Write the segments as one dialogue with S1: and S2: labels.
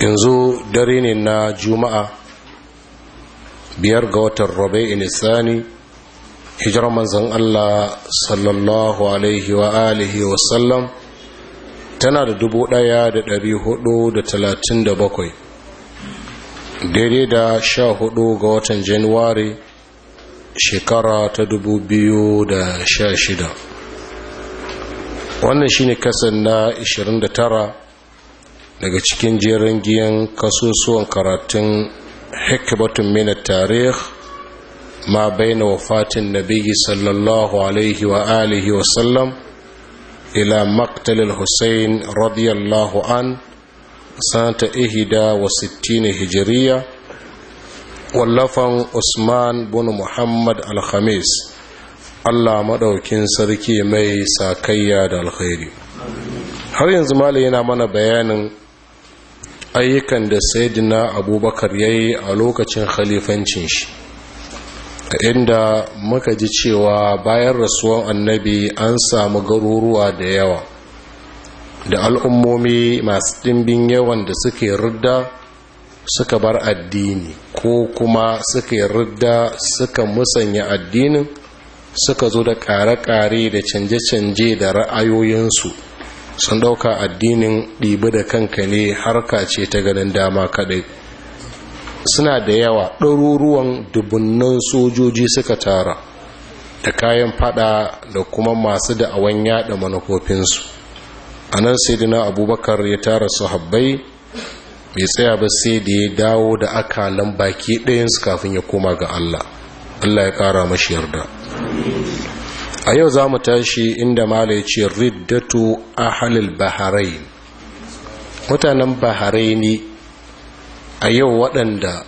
S1: yanzu dare ne na juma'a biyar ga watan rabai inisani hijirar manzan allah sallallahu alaihi wa alihi wasallam tana da dubu daya da dari hudu da talatin da bakwai daidai da sha hudu ga watan januwari shekara ta dubu biyu da sha shida wannan shine kasan na 29 daga cikin jerin giyan kasusuwan karatun hikmatun mina tarih ma baina wafatin nabiyyi sallallahu alaihi wa alihi wa sallam ila maktalil al-husayn radiyallahu an sanata Ihida wa sittini hijriya wallafan usman bin muhammad al Allah maɗaukin sarki mai sakayya da alkhairi har yanzu malai yana mana bayanin ayyukan da sayyidina abubakar ya yi a lokacin khalifancin shi inda muka ji cewa bayan rasuwan annabi an samu garuruwa da yawa da al'ummomi masu ɗimbin yawan da suke rudda suka bar addini ko kuma suka rudda suka musanya addinin suka zo da kare-kare da canje-canje da ra'ayoyinsu sun ɗauka addinin ɗibi da kanka ne har ka ce ta ganin dama kaɗai suna da yawa ɗaruruwan dubunnan sojoji suka tara da kayan fada da kuma masu da'awan yada manufofinsu a nan sai dina abubakar ya tara su habbai bai tsaya ba sai da ya dawo da akalan baki ɗayansu kafin ya koma ga allah allah ya ƙara mashi yarda a yau za mu tashi inda malai ce riddatu halil baharai mutanen ne a yau waɗanda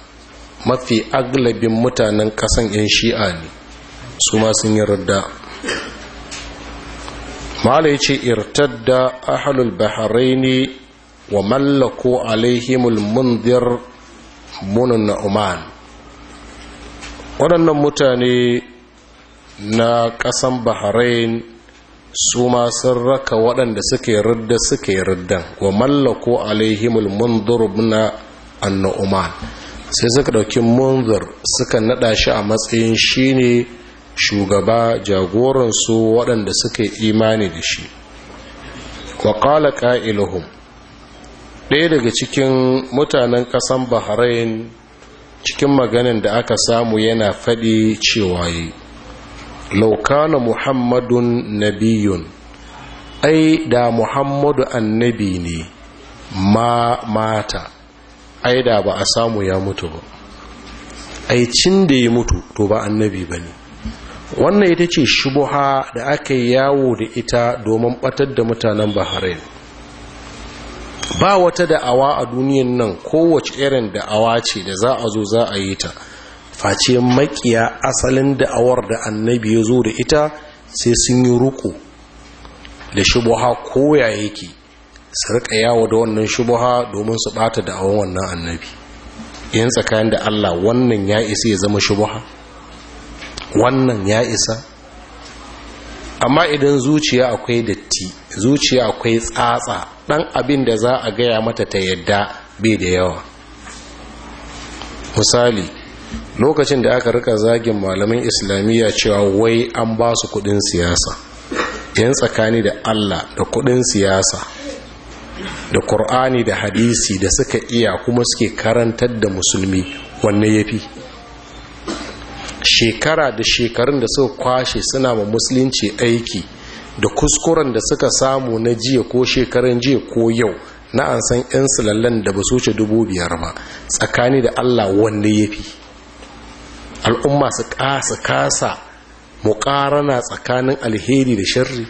S1: mafi aglabin mutanen ƙasan 'yan shi'a ne su ma sun yi ridda irtar da ce irtadda baharai ne wa mallako alaihimul mundir munin na'uman waɗannan mutane na ƙasan bahrain su ma sun raka waɗanda suke ridda suke riddan wa mallako alaihimul mundur na annu'uman sai suka ɗauki mundur suka naɗa shi a matsayin shine shugaba jagoransu waɗanda suke imani da shi wa ƙala ɗaya daga cikin mutanen ƙasan bahrain cikin maganin da aka samu yana faɗi cewa laukana muhammadun nabiyun ai da muhammadu annabi ne ma mata ai da ba a samu ya mutu ba aicin da ya mutu to ba annabi ba ne wannan ita ce shubuha da aka yawo da ita domin batar da mutanen bahrain ba wata da'awa a duniyan nan kowace irin da'awa ce da za a zo za a yi ta face makiya asalin da'awar da annabi ya zo da ita sai sun yi ruku da shubuha koya yake su rika yawo da wannan shubuha domin su bata da'awar wannan annabi yin tsakanin da Allah wannan ya isa ya zama shubuha wannan ya isa amma idan zuciya akwai datti zuciya akwai tsatsa ɗan abin da za a gaya mata ta yadda bai da yawa misali lokacin da aka rika zagin malamin islamiyya cewa wai an ba su kudin siyasa yan tsakani da allah da kudin siyasa da Kur'ani da hadisi da suka iya kuma suke karantar da musulmi wanne ya shekara da shekarun da suka kwashe suna ma musulunci aiki da kuskuren da suka samu na jiya ko shekarun jiya ko yau na an san 'yan sulallen da ba su wuce dubu biyar ba tsakani da allah wanne ya fi al'umma su kasa kasa muƙarana tsakanin alheri da sharri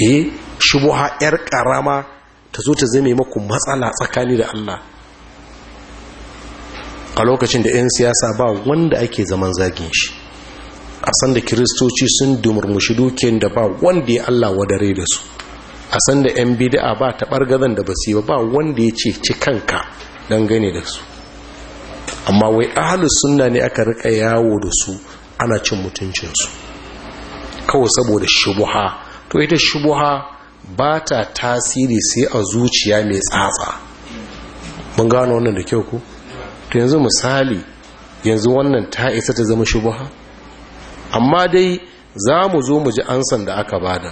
S1: eh shubuha yar karama ta zo ta zame maku matsala tsakani da Allah a lokacin da 'yan siyasa ba wanda ake zaman zagin shi a sanda kiristoci sun dumurmushi dukiyar da ba wanda ya Allah wadare da su a san da 'yan bida ba ta ɓargazan da ba ba wanda ya ce ci kanka gane da su amma wai ahalus sunna ne aka rika yawo da su ana cin mutuncinsu kawai saboda shubuha to ita shubuha ba ta tasiri sai a zuciya mai tsatsa mun gano wannan da kyau ku to yanzu misali yanzu wannan ta isa ta zama shubuha amma dai za mu zo mu ji ansan da aka bada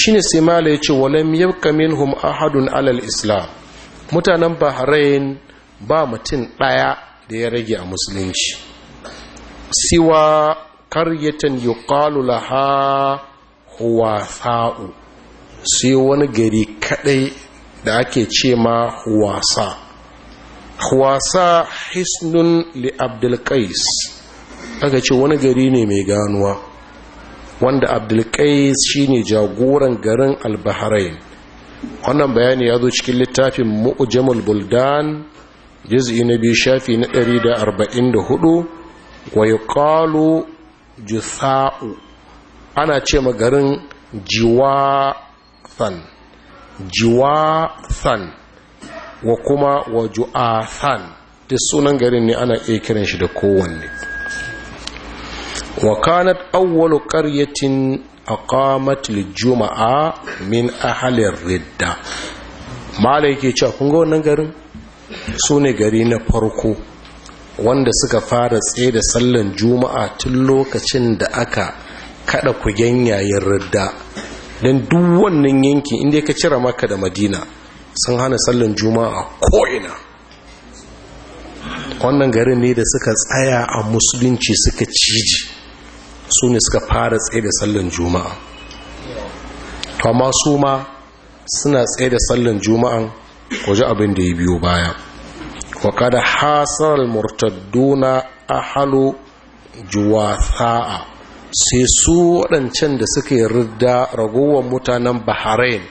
S1: shi ne sai mala ce walam yabqa minhum ahadun alal islam mutanen bahrain ba mutum ɗaya da ya rage a musulunci siwa karyatan ha laha sa'u sai wani gari kaɗai da ake ce ma huwasa huwasa hisnun li abdulkais aka ce wani gari ne mai ganuwa wanda abdulkais shine jagoran garin albahrain wannan bayani ya zo cikin littafin mu'jamul buldan juz'i na biyu shafi na da arba'in 144 wa ƙalu jisa'u ana ce magarin jiwa san wa kuma wa jua san. duk sunan garin ne ana iya kiran shi da kowanne wa kanat awwalu qaryatin aqamat lijuma'a min ahli ridda malai yake cewa kun ga wannan garin su ne gari na farko wanda suka fara tsaye da sallan juma'a tun lokacin da aka kada ku yanyayin ridda don duk wannan yankin inda ka cire maka da madina sun hana sallan juma'a ko'ina wannan garin ne da suka tsaya a musulunci suka ciji su ne suka fara tsaye da sallan juma'a to amma su ma suna tsaye da sallan juma'an ku ji abin da ya biyo baya wa kada hasar murtadduna ahalu sa'a sai su waɗancan da suka yi rida ragowar mutanen bahrain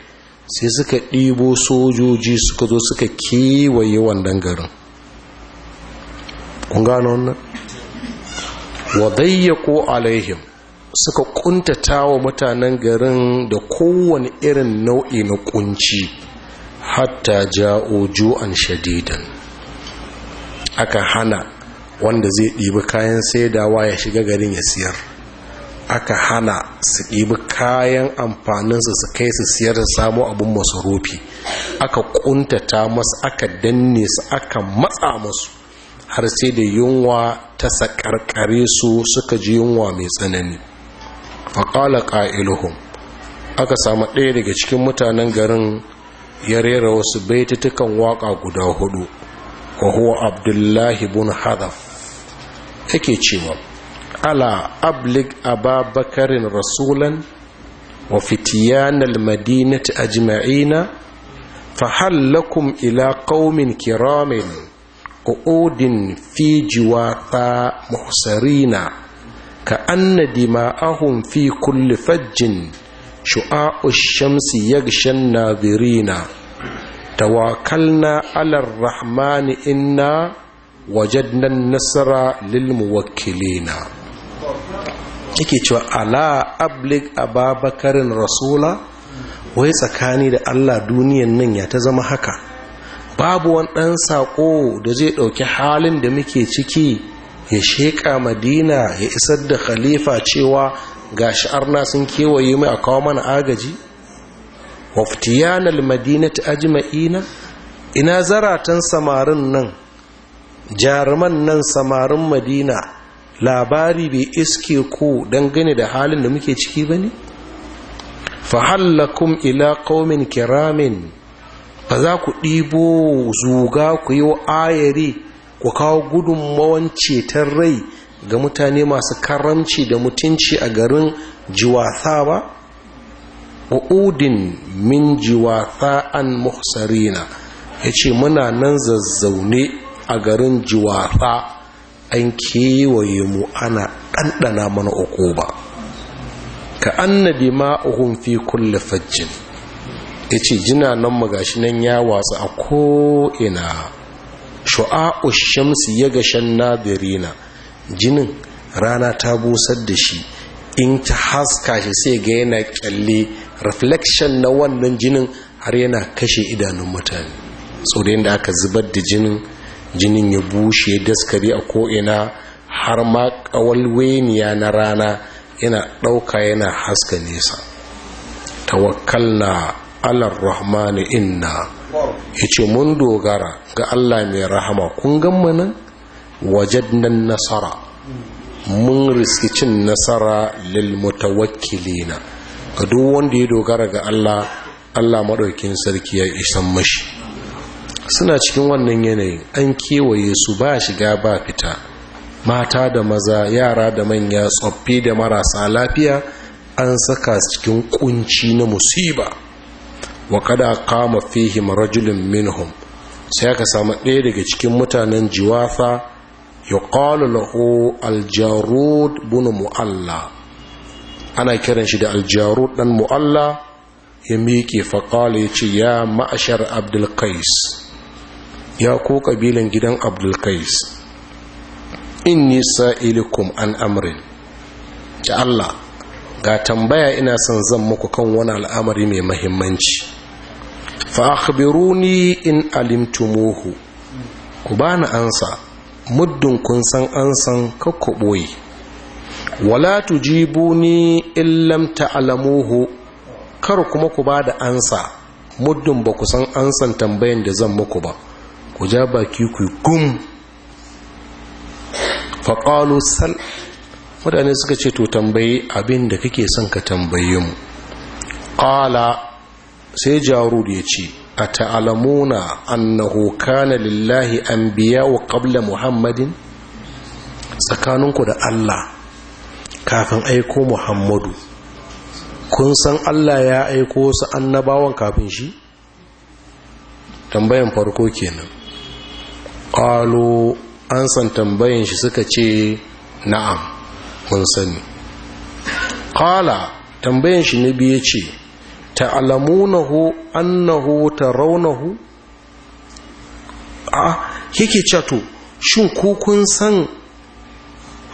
S1: sai suka ɗibo sojoji suka zo suka kewaye wannan garin kun gano wannan wadayyako alaihim suka ƙuntatawa mutanen garin da kowane irin nau'i na ƙunci. hatta ja'o ju'an shadidan aka hana wanda zai ɗibi kayan saidawa ya shiga garin ya siyar aka hana su ɗibi kayan amfaninsu su kai su siyar da samu abin masarufi aka ƙuntata masu aka danne su aka matsa masu har sai da yunwa ta saƙarƙare su suka ji yunwa mai tsanani faƙala ƙa'iluhun aka samu ɗaya daga cikin mutanen garin ya rera wasu baitutukan waka guda hudu wa huwa abdullahi bin hadaf yake cewa ala ablig ababakarin rasulan wa fitiyanal madinati ajma'ina fahal lakum ila qaumin kiramin qu'udin fi jiwata muhsarina ka anna dima'ahum fi kulli fajjin shu'a'u shamsi yagshan nadirina tawakkalna alar rahmani wajen nan nasara lilmu lil muwakkilina yake cewa ala ablig ababakarin rasula wai tsakani da Allah duniyan nan ya ta zama haka babu wani ɗan saƙo da zai ɗauki halin da muke ciki ya sheƙa madina ya isar da khalifa cewa ga sha'arna sun kewaye mai a kawo mana agaji waftiyanal madinati ajma'ina ina zaratan samarin nan jaruman nan samarin madina labari bai iske ku dangane da halin da muke ciki ba ne fahallakum ila qaumin kiramin ba za ku ɗibo zuga ku yi ayari ku kawo gudunmawan ceton rai ga mutane masu karamci da mutunci a garin jiwatha ba u'udin min jiwatha'an muhsarina ya ce muna nan zazzaune a garin jiwatha an kewaye mu ana ɗanɗana mana uku ba ka annabi ma'uhun fi kulle fajjin ya ce jina nan magashi nan ya wasu a ko'ina shu'a'u shamsi ya gashen nadirina jinin rana ta busar da shi in ta haska shi sai ga yana kyalle reflection na wannan jinin har yana kashe idanun mutane sau da yadda aka zubar da jinin jinin ya bushe daskari a ko'ina har ma ƙawalweniya na rana yana ɗauka yana haska nesa tawakalla alar rahmani inna ya ce mun dogara ga allah mai rahama kun wajen nan wajen nasara mun cin nasara lil mutawakkilina ga duk wanda ya dogara ga Allah Allah maɗaukin sarki ya isan mashi suna cikin wannan yanayin an kewaye su ba shiga ba fita mata da maza yara da manya tsoffi da marasa lafiya an saka cikin kunci na musiba wa kada kama fihim rajulun minhum sai aka samu ɗaya daga cikin mutanen jiwafa ya lahu aljarud bunu mu'alla ana kiran shi da aljaru dan mu'alla ya miƙe faƙala ya ce ya ma'ashar abdulkais ya ko ƙabilan gidan abdulkais inni sa'ilikum an amrin ta Allah ga tambaya ina son zan muku kan wani al'amari mai mahimmanci fa'akbiruni in alimtumuhu ku ba ansa muddin kun san ansan ku ɓoye wala tujibuni illam ta'lamuhu kar kuma ku ba da ansa muddin ba ku san ansan tambayin da zan muku ba ku ja baki ku gum faƙalu sal mutane suka ce to tambayi abin da kake son ka tambaye mu ƙala sai jarud ya ce a ta'alamuna annahu kana lillahi an biya wa ƙabla muhammadin tsakaninku da allah kafin aiko muhammadu kun san allah ya aiko su annabawan kafin shi tambayan farko kenan ƙalo an san tambayan shi suka ce na'am mun sani ƙala tambayan shi na biye ce ta alamunahu annahu tarawnahu a kike cato shin kukun san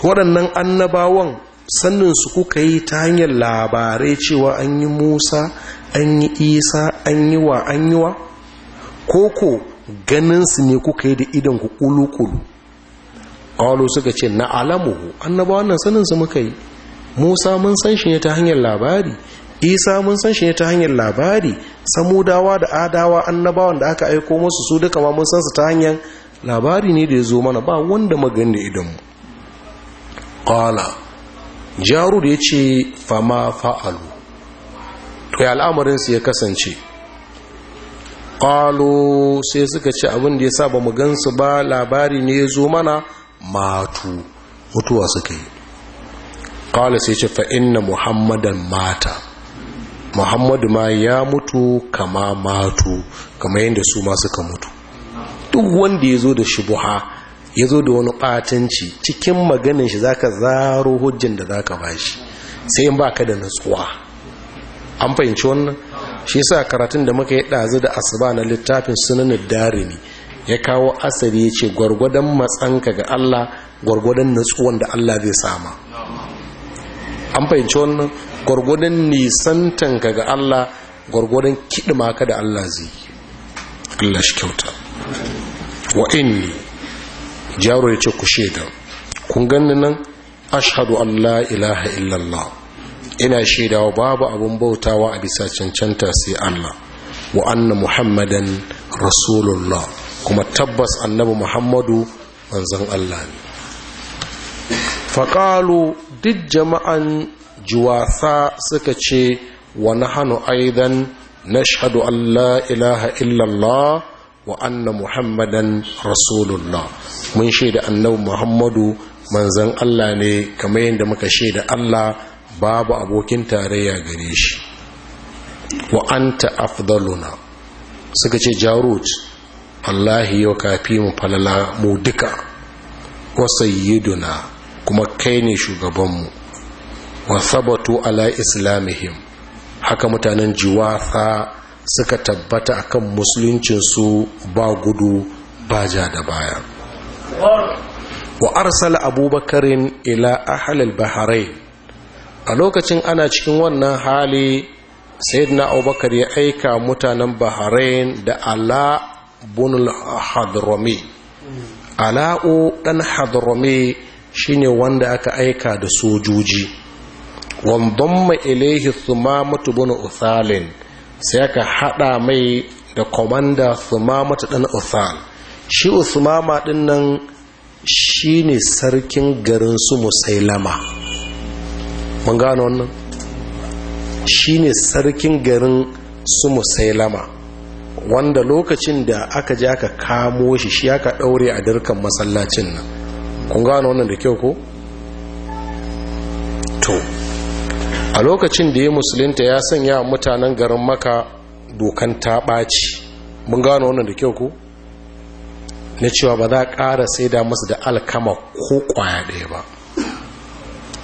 S1: waɗannan annabawan sannin su kuka yi ta hanyar labarai cewa an yi musa an yi isa an yi wa an yi wa koko ganinsu ne kuka yi da idan ku kulukulu ƙwalo suka ce na alamuhu annaba wannan saninsu muka yi musa mun san shi ne ta hanyar labari isa mun san shi ne ta hanyar labari samudawa da adawa annabawan da aka aiko masu su duka ma mun san su ta hanyar labari ne da ya zo mana ba wanda magani da idanmu ƙwala jaru da ya ce fama fa'alu to ya al'amarinsu ya kasance ƙalo sai suka ce abin da ya sa ba mu gansu ba labari ne ya zo mana matu mutuwa suka yi ƙalo sai ce fa'inna muhammadan mata muhammadu ma ya mutu kama matu kama yadda su ma suka mutu duk wanda ya zo da shubuha ya zo da wani ɓatanci cikin maganin shi zaka zaro hujjin da zaka bashi sai in baka da nutsuwa an fahimci wannan shi yasa karatun da muka yi ɗazu da asuba na littafin sunanin darimi ya kawo asali ya ce gwargwadon matsanka ga Allah gwargwadon nutsuwan da Allah zai sama an fahimci wannan gwargwadon nisantanka ga Allah gwargwadon kiɗi ka da Allah zai Allah shi kyauta wa inni jaro ya ce ku shaida kun ganni nan ashhadu an la ilaha illallah ina shaidawa babu abin bautawa a bisa cancanta sai Allah wa anna muhammadan rasulullah kuma tabbas annabi muhammadu manzon Allah ne faƙalu duk jama'an juwasa suka ce wa nahanu aidan na an Allah ilaha illallah wa anna muhammadan rasulullah mun shaida annabi muhammadu manzan Allah ne kamar yadda muka shaida Allah babu abokin tarayya gare shi wa anta afdaluna suka ce jarut wallahi yau kafi mu falala mu duka wa sayyiduna kuma kai ne shugabanmu wa sabatu ala islamihim haka mutanen jiwatha suka tabbata a akan musuluncinsu ba gudu ba ja da baya wa arsala abubakarin ila ahalil baharai a lokacin ana cikin wannan hali sayyidina abubakar ya aika mutanen bahrain da ala bunul hadrami ala'u dan hadrami shine wanda aka aika da sojoji wandamma ilaihi thumamatu bunu uthalin sai aka hada mai da komanda sumama ta dan usan shi usmama din nan shine sarkin garin su musailama mun gano wannan shine sarkin garin su musailama wanda lokacin da aka je aka kamo shi shi aka daure a darkan masallacin nan kun gano wannan da kyau ko to a lokacin da ya musulunta ya sanya mutanen garin maka dokan ta ɓaci mun gano wannan da kyau ku na cewa ba za a ƙara saida masu da alkama ko ƙwaya ɗaya ba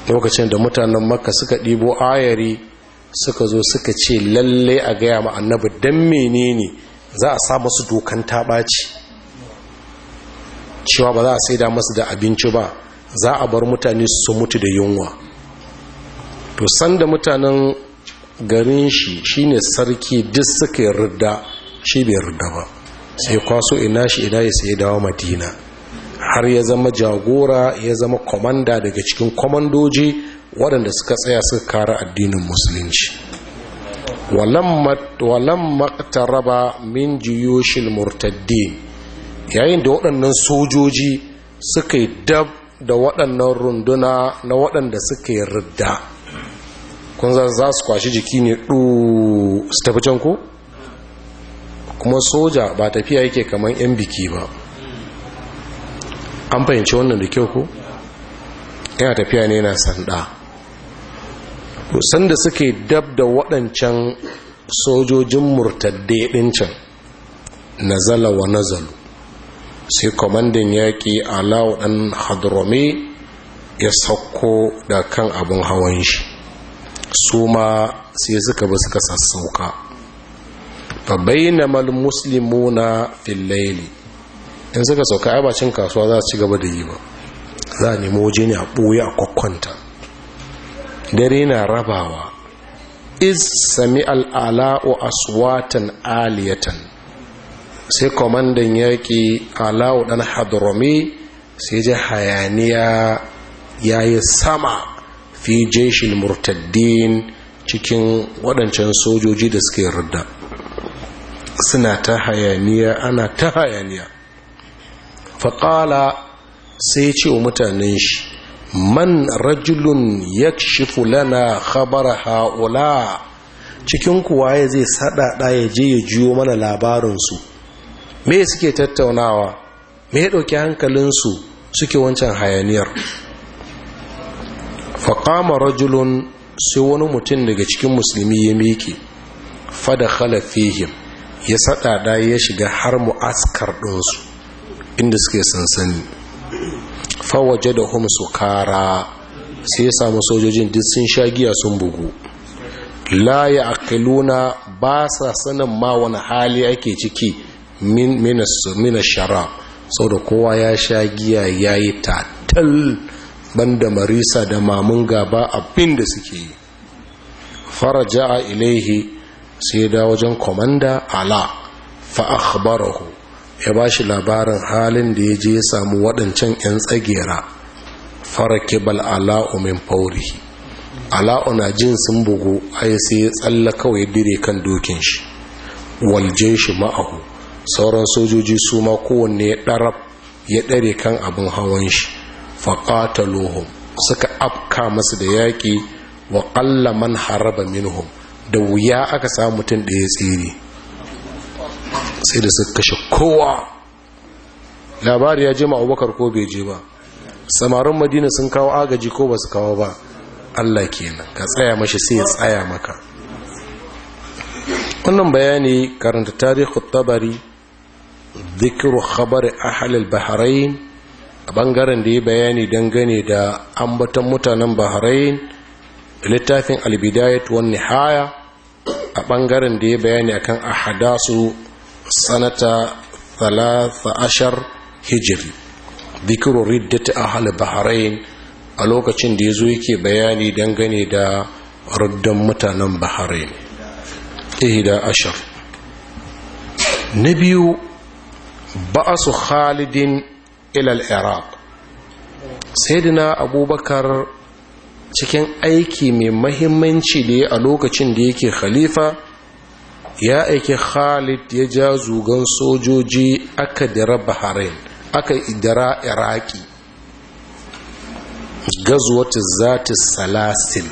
S1: lokacin da mutanen maka suka ɗibo ayari suka zo suka ce lalle a gaya ma annabi don menene za a sa masu dokan ta ɓaci cewa ba za a saida masu da abinci ba za a bar mutane su mutu da yunwa to sanda mutanen garin shi shine sarki duk suka yarda shi bai yarda ba sai kwaso ina shi ina ya sai dawo madina har ya zama jagora ya zama komanda daga cikin komandoji waɗanda suka tsaya suka kara addinin musulunci walan maktaraba min jiyoshin murtaddin yayin da waɗannan sojoji suka yi dab da waɗannan runduna na waɗanda suka yi rida kun zan za su kwashi jiki ne ɗu su tafi can ko kuma soja ba tafiya yake kamar 'yan biki ba an fahimci wannan da kyau ko yana tafiya ne na sanda sanda suke dab da waɗancan sojojin murtadde ɗincan nazala wa nazalu sai kwamandan yaƙi ala ɗan hadrome ya sauko da kan abin hawan shi su ma sai suka bi suka sassauka fa bainamal muslimuna fil layli in suka sauka a bacin kasuwa za su ci gaba da yi ba za a mu waje ne a ɓoye a kwakwanta dare na rabawa iz sami al'ala'u aswatan aliyatan sai kwamandan yaƙi ala'u ɗan hadrami sai ji hayaniya ya yi sama fi jeshin murtaddin cikin waɗancan sojoji da suke yarda suna ta hayaniya ana ta hayaniya faƙala sai ce wa mutanen shi man rajulun ya lana khabar ha'ula cikin kuwa ya zai saɗaɗa ya je ya jiyo mana labarinsu me suke tattaunawa me ya ɗauki hankalinsu suke wancan hayaniyar faƙama rajulun sai wani mutum daga cikin musulmi ya miƙe fada khalafihim ya saɗaɗa ya shiga har mu'askar ɗinsu inda suke sansani fawaje da hum su kara sai ya samu sojojin duk sun sha giya sun bugu la a akiluna ba sa sanin ma wani hali ake ciki mina shara sau da kowa ya sha giya ya yi tatal banda marisa da mamun gaba abin da suke yi faraja a ilaihi sai da wajen komanda ala fa'akhbarahu ya ba shi labarin halin da ya je ya samu waɗancan 'yan tsagera farake Alaumin min faurihi ala'u na jin sun bugu ai sai ya tsalla kawai dire kan dokin shi walje shi ma'ahu sauran sojoji su ma kowanne ya ɗarar ya ɗare kan abin hawan shi faƙatalohun suka afka masu da yaƙi wa ƙalla man haraba minhum da wuya aka samu mutum da ya tsere sai da suka kashe kowa labari ya je ma abubakar ko bai je ba samarin madina sun kawo agaji ko ba su kawo ba allah kenan ka tsaya mashi sai ya tsaya maka wannan bayani karanta tarihi tabari zikiru khabari ahalil bahrain a bangaren da ya bayani dangane da ambatan mutanen bahrain littafin albidayat wan nihaya a bangaren da ya bayani akan ahadasu sanata ashar hijiri zikiru riddati ahal bahrain a lokacin da ya zo yake bayani dangane da ruddan mutanen bahrain ihda ashar na biyu ba'asu khalidin ilal iraq sayyidina abubakar cikin aiki mai mahimmanci da ya a lokacin da yake khalifa ya aiki khalid ya ja zugan sojoji aka dira bahrain aka idara iraki gazuwatu zatu salasil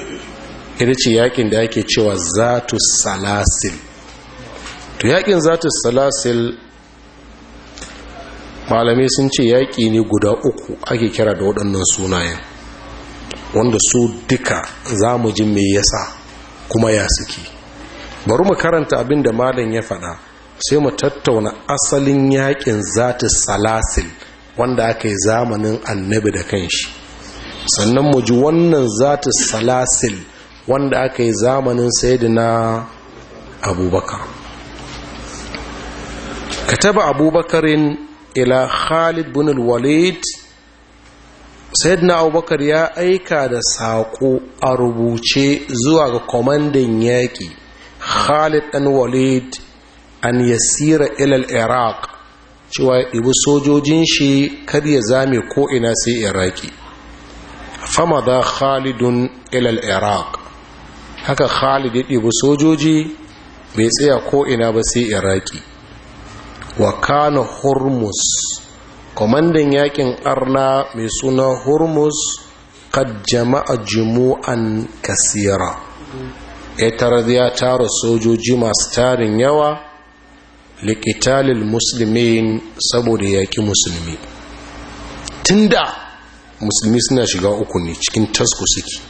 S1: ita ce yakin da ake cewa zatu salasil to yakin zatu salasil malamai sun ce yaƙi ne guda uku ake kira da waɗannan sunayen wanda su duka za mu ji me yasa kuma ya suke bari mu karanta abin da malam ya faɗa sai mu tattauna asalin yaƙin zata salasil wanda aka yi zamanin annabi da kanshi sannan mu ji wannan zata salasil wanda aka yi zamanin sayidina abubakar ka kataba abubakarin ila khalid bin walid sayyidina abubakar ya aika da saƙo a rubuce zuwa ga kwamandan yaƙi khalid ɗan walid an yasira ilal iraq cewa ya ɗibi sojojin shi kar ya zame ina sai iraki fama da khalidun ilal iraq haka khalid ya ɗibi sojoji bai tsaya ko ina ba sai iraki wa kana hormuz kwamandan yakin arna mai suna hormuz kad jama'a jumu'an kasira ya tara ya tara sojoji masu tarin yawa likitalil musulmi saboda yaƙi musulmi tunda musulmi suna shiga uku ne cikin tasko suke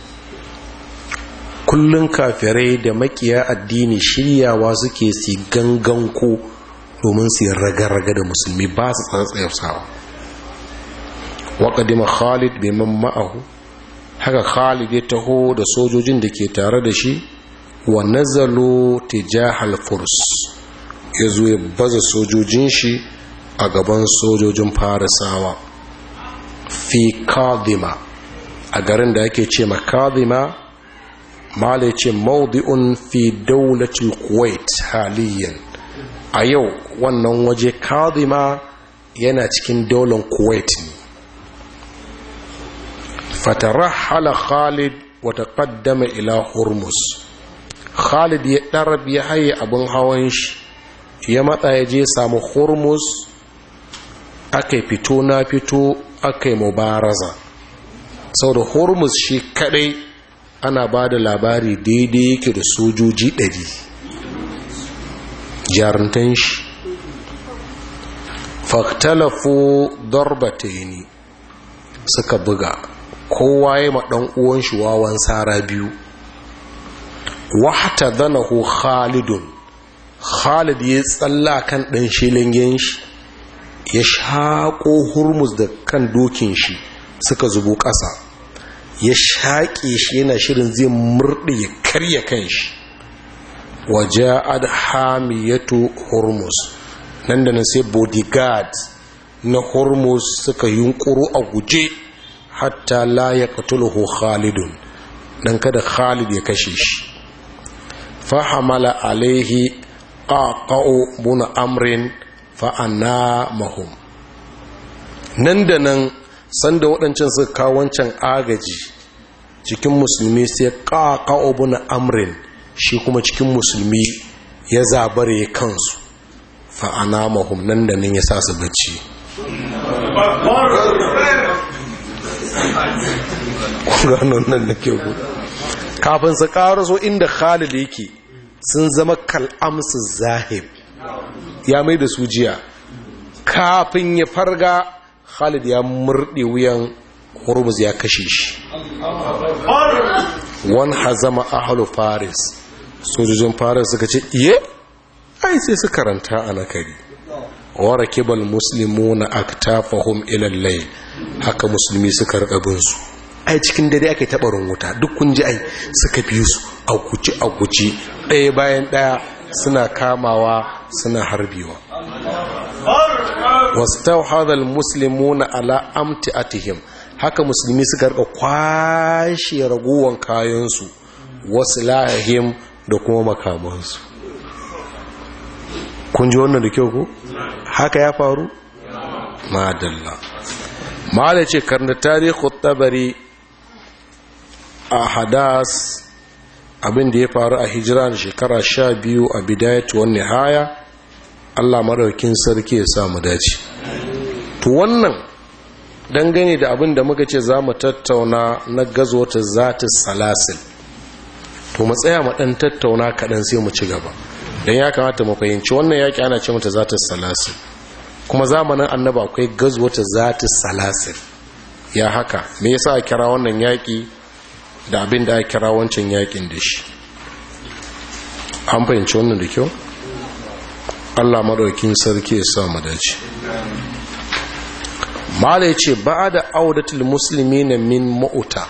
S1: kullum kafirai da makiya addini shiryawa suke si gangan ko domin su yi raga-raga da musulmi ba su tsatsayarsawa waƙadima khalid bai ma'ahu haka khalid ya taho da sojojin da ke tare da shi wa nazalo tijahal furs ya zo ya baza sojojin shi a gaban sojojin farisawa fi kadima a garin da ake ce makadima mala ya ce maudi'un fi daulatul kuwait haliyyar. a yau wannan waje kazima yana cikin daular kuwait ne fatarahala khalid wata kaddama ila hormuz khalid ya ɗarab ya haye abin hawan shi ya matsa ya je samu hormuz aka fito na fito aka yi mubaraza sau da hormuz shi kadai ana ba da labari daidai yake da sojoji ɗari jaruntan shi faktalafu darbatayni suka buga kowa ya ma dan uwan shi wawan sara biyu wahtadanahu khalidun khalid ya tsalla kan dan shilingin shi ya shaƙo hurmus da kan dokin shi suka zubo ƙasa ya shaƙe shi yana shirin zai murɗe ya karya kan shi waja'ad hamiyatu hormuz nan da nan sai bodyguard na hormuz suka yunkuru a guje hatta la ya katulhu khalidun dan kada khalid ya kashe shi fahamala alaihi qaqa'u bun amrin fa anna mahum nan da nan sanda waɗancan suka kawo wancan agaji cikin musulmi sai qaqa'u bun amrin shi kuma cikin musulmi ya zabare kansu fa'ana mahum nan da nan ya sa su bacci nan da ke kafin su so inda khalid yake sun zama kal'amsu zahir ya mai da su jiya kafin ya farga khalid ya murɗe wuyan hurmuz ya kashe shi wani hazama ahalu faris sojojin fara suka ce iye ai sai su karanta a nakari wara kibal musulmi na aktafahum ilallai haka musulmi suka rabinsu ai cikin dare ake tabarin wuta duk kun ji ai suka biyu su a guji a guji ɗaya bayan ɗaya suna kamawa suna harbiwa Wasu na al'amti ala tihim haka musulmi suka rika kwashe ragowan kayansu wasu lahahim da kuma makamansu kun ji wannan da kyau ku haka ya faru madalla ma'ala ce karni tarihi tabari a hadas abin da ya faru a hijira na shekara sha biyu a bidayatu wani haya allah maraukin sarki ya samu dace to wannan dangane da abin da muka ce za mu tattauna na gazota zata salasil to mu tsaya mu dan tattauna kaɗan sai mu ci gaba dan ya kamata mu fahimci wannan yaki ana ce mata zata salasil kuma zamanin annaba akwai gazwata zata salasir ya haka me yasa a kira wannan yaki da abin da a kira wancan yaƙin da shi an fahimci wannan da kyau allah madaukin sarki ya sa mu dace mala ya ce ba da audatul musulmi na min ma'uta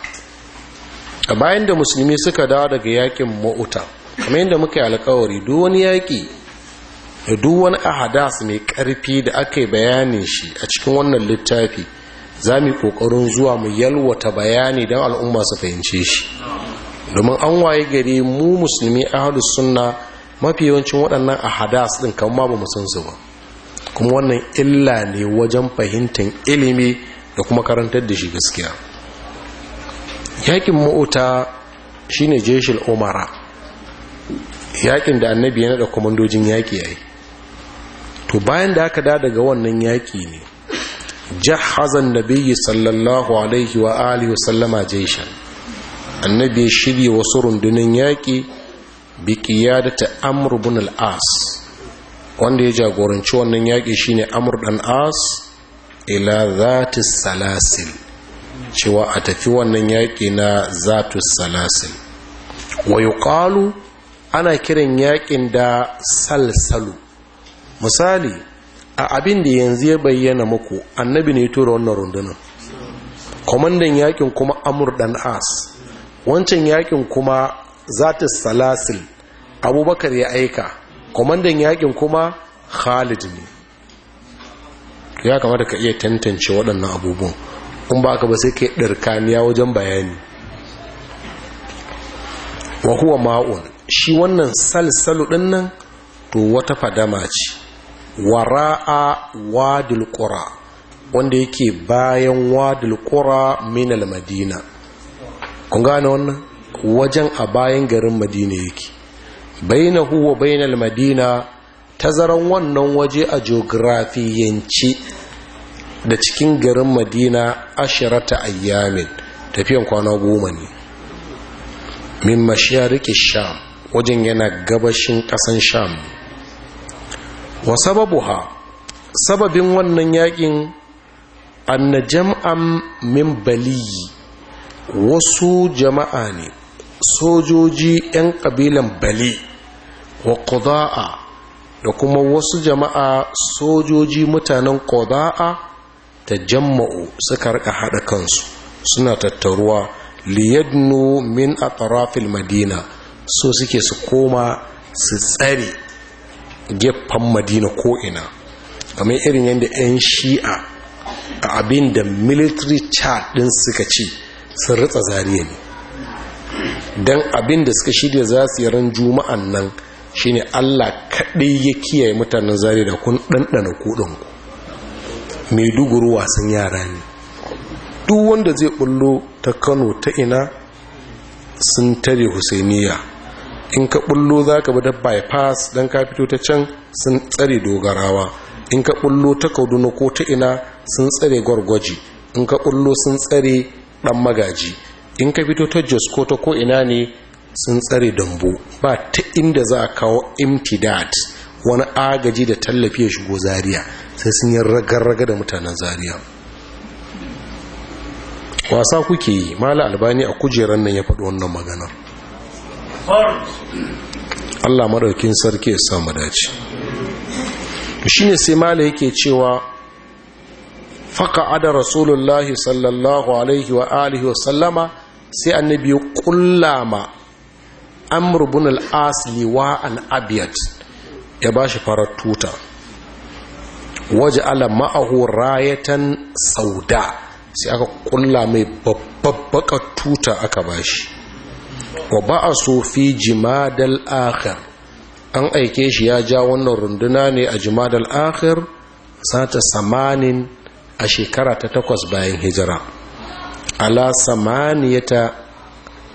S1: a bayan da musulmi suka dawo daga yakin ma'uta kamar yadda muka yi alkawari duk wani yaƙi da duk wani ahadas mai ƙarfi da aka yi bayanin shi a cikin wannan littafi za mu yi ƙoƙarin zuwa mu yalwata bayani don al'umma su fahimce shi domin an waye gari mu musulmi ahalus sunna mafi yawancin waɗannan ahadas ɗin kan ma ba mu san su ba kuma wannan illa ne wajen fahimtar ilimi da kuma karantar da shi gaskiya yakin ma'uta shine jeshil umara yakin da annabi ya nada kwamandojin yaki yayi to bayan da aka da daga wannan yaki ne jahazan nabiyyi sallallahu alaihi wa alihi wasallama jeshan annabi ya shirya wasu rundunan yaki bi qiyadati amr ibn al-as wanda ya jagoranci wannan yaki shine amr dan as ila zati salasil cewa a tafi wannan yaƙi na zatus salasin. wayo ƙalu ana kiran yaƙin da salsalu misali a abin da yanzu ya bayyana muku annabi ne tura wannan rundunar kwamandan yaƙin kuma amur ɗan as wancan yaƙin kuma zatus salasin, abubakar ya aika kwamandan yaƙin kuma khalid ne ya kamata ka iya tantance waɗannan abubuwan in ba ka ba sai ka yi ɗarkaniya wajen bayani wa huwa ma'un shi wannan salsalu ɗin nan to wata fadama ce wara'a wadul ƙura wanda yake bayan wadul ƙura min al-madina kun gane wannan wajen a bayan garin madina yake bainahu huwa bainal madina tazaran wannan waje a geografiyance da cikin garin madina ashirata ayyamin tafiyan kwana goma ne min mashiyarki sham wajen yana gabashin ƙasan sham wa sababu ha, sababin wannan yakin anna jam'an min baliyi wasu jama'a ne sojoji 'yan ƙabilan bali wa ƙuda'a da kuma wasu jama'a sojoji mutanen ƙuda'a tajamma'u suka rika haɗa kansu suna tattaruwa liyadnu min atrafil madina so suke su koma su tsare gefen madina ko'ina kamar irin yadda 'yan shi'a a abin da military chart din suka ce sun ritsa zariya ne don abin da suka shirya za su yi ran juma'an nan shine allah kaɗai ya kiyaye mutanen zariya da kun ɗanɗana kuɗinku maiduguru wasan yara ne duk wanda zai bullo ta kano ta ina sun tare husainiya in ka bullo za ka bi da bypass don ka fito ta can sun tsare dogarawa in ka bullo ta kaduna ko ta ina sun tsare gwargwaji in ka bullo sun tsare dan magaji in ka fito ta jos ko ta ko ina ne sun tsare dambu ba ta inda za a kawo imtidat wani agaji da tallafi ya shigo zariya sai sun yi ragarraga da mutanen zariya wasa kuke yi mala albani a kujerar nan ya faɗi wannan magana allah maraukin sarki ya samu dace shi ne sai mala yake cewa faka ada rasulullahi sallallahu alaihi wa alihi wa sallama sai annabi kullama amr bin al-as an ya ba shi farar tuta waje ala ma'ahu rayatan sauda sai aka kulla mai babbaka tuta aka ba shi wa ba a sofi jimadal akhir an aike shi ya ja wannan runduna ne a jimadal akhir sata samanin a shekara ta takwas bayan hijira ala samaniyata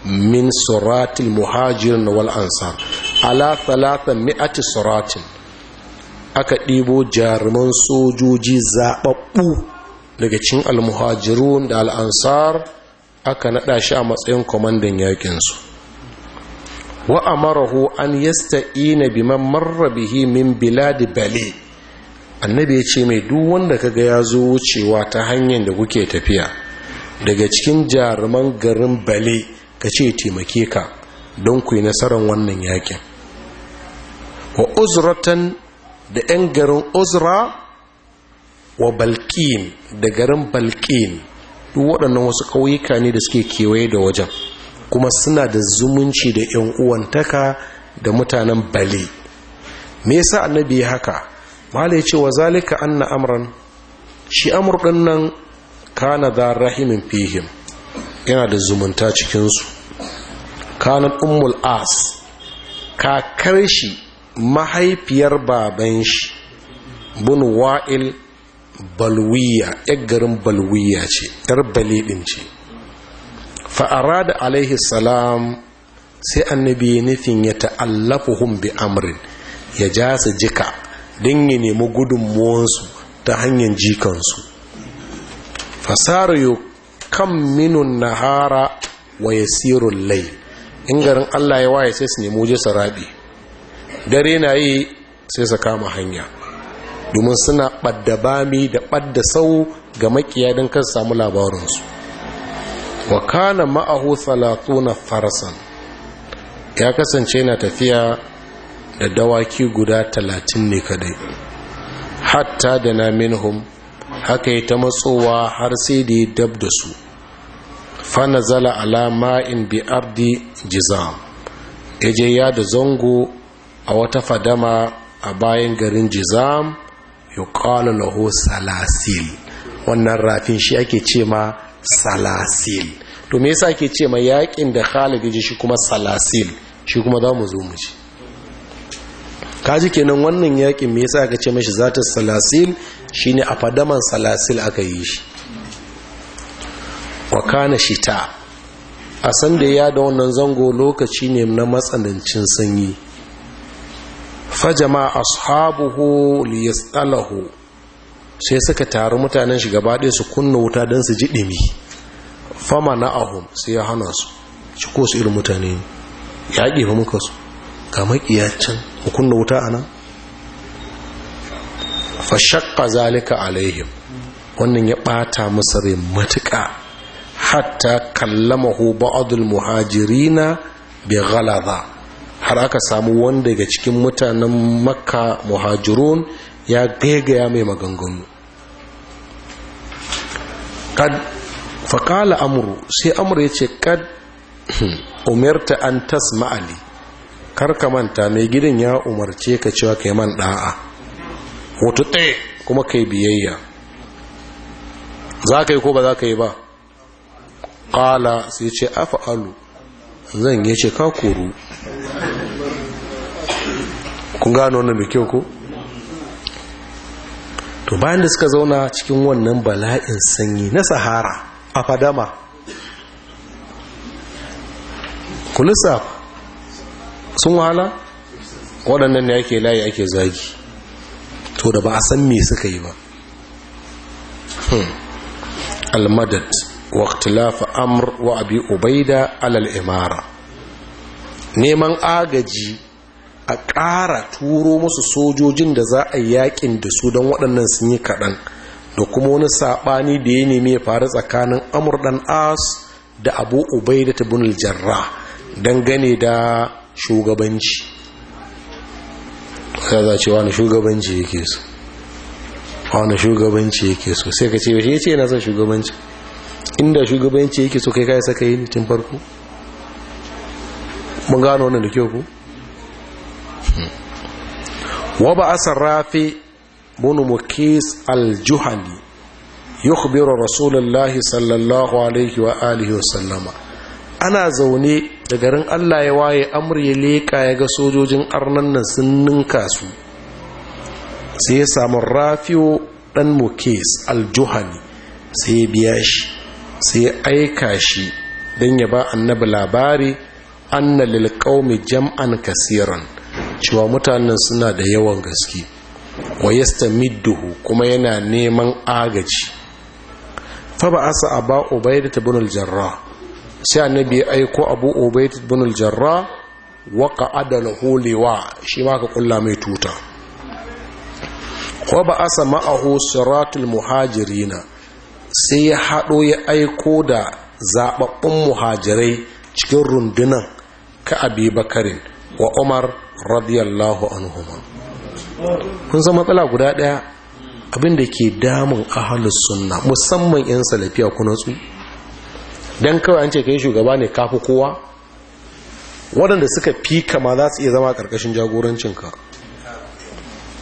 S1: min suratul muhajirin wal ansar ala thalatha mi'ati suratin aka ɗibo jaruman sojoji zaɓaɓɓu daga cin almuhajirun da al'ansar aka naɗa shi a matsayin kwamandan yaƙinsu wa amarahu an yasta'ina biman marra bihi min biladi bale annabi ya ce mai duk wanda kaga ya zo wucewa ta hanyar da kuke tafiya daga cikin jaruman garin bale ka ce taimake ka don ku yi nasarar wannan yakin wa uzratan da 'yan garin uzra wa balkin da garin balkin duk waɗannan wasu ƙauyuka ne da suke kewaye da wajen kuma suna da zumunci da 'yan uwantaka da mutanen bali me yasa annabi ya haka malai ce wa zalika anna amran shi amur ɗin nan kana da rahimin fihim yana da zumunta cikinsu kanan ummul as kakar shi mahaifiyar baban shi bin wa'il balwiya yar garin balwiya ce yar balidin ce fa'ara da alaihi salam sai annabi nufin ya ta'allafuhum bi amrin ya ja su jika don ya nemi gudunmuwansu ta hanyar jikansu Fasariyo kan minun nahara wa ya lai in garin allah ya waye sai su nemi wuje su dare na yi sai su kama hanya domin suna ɓadda bami da ɓadda sau ga makiya don kan samu labarinsu wa kana ma'ahu na farsan ya kasance na tafiya da dawaki guda talatin ne kadai hatta da na minhum haka yi ta matsowa har sai da ya dab da su fana zala alama in bi ardi jizam ya je ya da zango a wata fadama a bayan garin jizam yuqalu lahu salasil wannan rafin shi ake ce ma salasil to me yasa ake ce ma yakin da Khalid ji shi kuma salasil shi kuma za mu zo mu ji kaji kenan wannan yakin me yasa aka ce mishi zata salasil shine a fadaman salasil aka yi shi wa kana shita a san da ya da wannan zango lokaci ne na matsanancin sanyi fajama ashabuhu liyas'alahu sai suka taru mutanen shi gaba ɗaya su kunna wuta don su ji ɗimi fama na sai ya hana su ci ko su irin mutane ne ya ƙi ƙifa muka su ga maƙiyacin ku kunna wuta a nan fashakka zalika alaihim wannan ya ɓata masa rai matuƙa hatta kallamahu ba'adul muhajirina bi ghalaba har aka samu wanda daga cikin mutanen makka muhajirun ya gaigaya mai maganganu kad faƙala amuru sai amuru ya ce kad umarta an tas ma'ali karka manta mai gidan ya umarce ka cewa ka yi man ɗa'a hoto ɗaya kuma ka yi biyayya za ka yi ko ba za ka yi ba ƙala sai ce alu zan yi ce ka kuru kun gano wannan mai kyau ko to bayan da suka zauna cikin wannan bala'in sanyi na sahara a fadama Kulisa sun wahala waɗannan ne ake layi ake zagi to da ba a san me suka yi ba hmm. almadad waktilafa amr wa abi ubaida alal imara neman agaji a ƙara turo musu sojojin da za a yakin da su don waɗannan sun yi kaɗan da kuma wani saɓani da ya nemi ya faru tsakanin amur ɗan as da abu ubai da tabunul jarra gane da shugabanci ka za ce wani shugabanci yake so wani shugabanci yake so sai ka ce ya ce yana son shugabanci inda shugabanci yake so kai kai saka yi tun farko mun gano wannan da kyau ko? wa ba asar rafi bunu aljuhani yukhbiru rasulullahi alaihi wa sallama ana zaune da garin Allah ya waye amur ya leƙa ya ga sojojin arnan nan sun ninka su sai ya samu rafiyo ɗan mukes aljuhani sai ya biya shi sai ya aika shi don ya ba annabi labari anna lil qaumi jam'an kasiran cewa mutanen suna da yawan gaske wa midduhu kuma yana neman agaji fa ba asa aba ubaidah ibn al-jarrah sai annabi ya aiko abu ubaidah ibn al-jarrah wa qa'ada lahu liwa shi ma ka kulla mai tuta wa ba asa ma'ahu siratul muhajirina sai ya haɗo ya aiko da zaɓaɓɓun muhajirai cikin rundunan ka abi bakarin wa umar radiyallahu anhuma kun san matsala guda daya abinda ke damun ahalus sunna musamman 'yan salafiya kuna tsu don kawai an ce kai shugaba ne kafi kowa waɗanda suka fi kama za su iya zama ƙarƙashin jagorancinka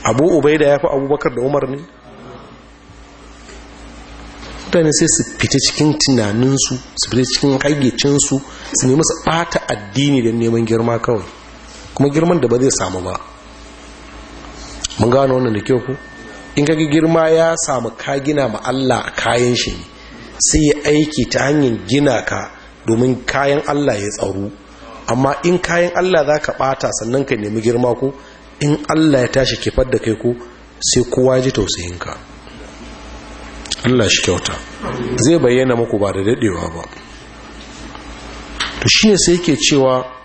S1: abu ubaida ya fi abubakar da umar ne mutane sai su fita cikin tunaninsu su fita cikin hayyacinsu su nemi su ɓata addini da neman girma kawai kuma girman da ba zai samu ba mun gano wannan da kyau ku in kaga girma ya samu ka gina ma Allah kayan shi ne sai ya aiki ta hanyar gina ka domin kayan Allah ya tsaro amma in kayan Allah za ka bata sannan ka nemi girma ku? in Allah ya tashi kifar da kai ku, sai kowa ji tausayinka Allah shi kyauta zai bayyana muku ba da daɗewa ba to shi ne sai yake cewa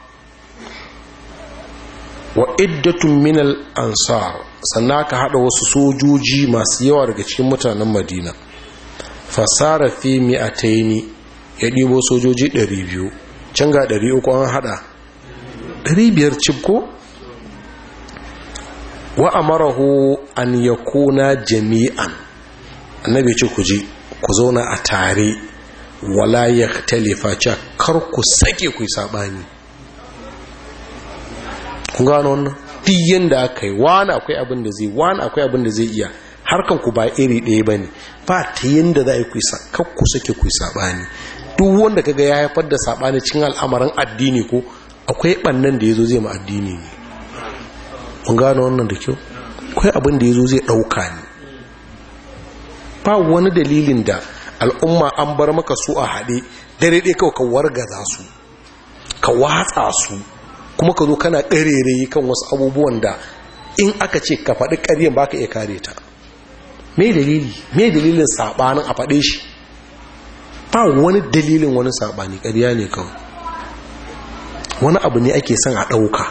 S1: wa iddatun minal ansar sannan ka haɗa wasu sojoji masu yawa daga cikin mutanen madina fasara fi mi'ataini ya ɗibo sojoji 200 can ga 300 an haɗa 500 cib wa amarahu an kona jami'an annabi ce ku ji ku zauna a tare wala yaktalifa kar ku sake ku yi sabani kun gano wannan duk yanda aka yi wani akwai abin da zai wani akwai abin da zai iya harkan ku ba iri ɗaya ba ne ba ta yanda za a yi ku sakak ku sake ku saɓani duk wanda kaga ya haifar da saɓani cikin al'amarin addini ko akwai ɓannan da ya zo zai ma addini ne kun gano wannan da kyau akwai abin da ya zo zai ɗauka ne ba wani dalilin da al'umma an bar maka su a haɗe dare ɗaya kawai ka wargaza su ka watsa su kuma ka zo kana ƙarerayi kan wasu abubuwan da in aka ce ka faɗi ƙaryen ba ka iya kare ta mai dalili mai dalilin saɓanin a faɗe shi ba wani dalilin wani saɓani ƙarya ne kawai wani abu ne ake son a ɗauka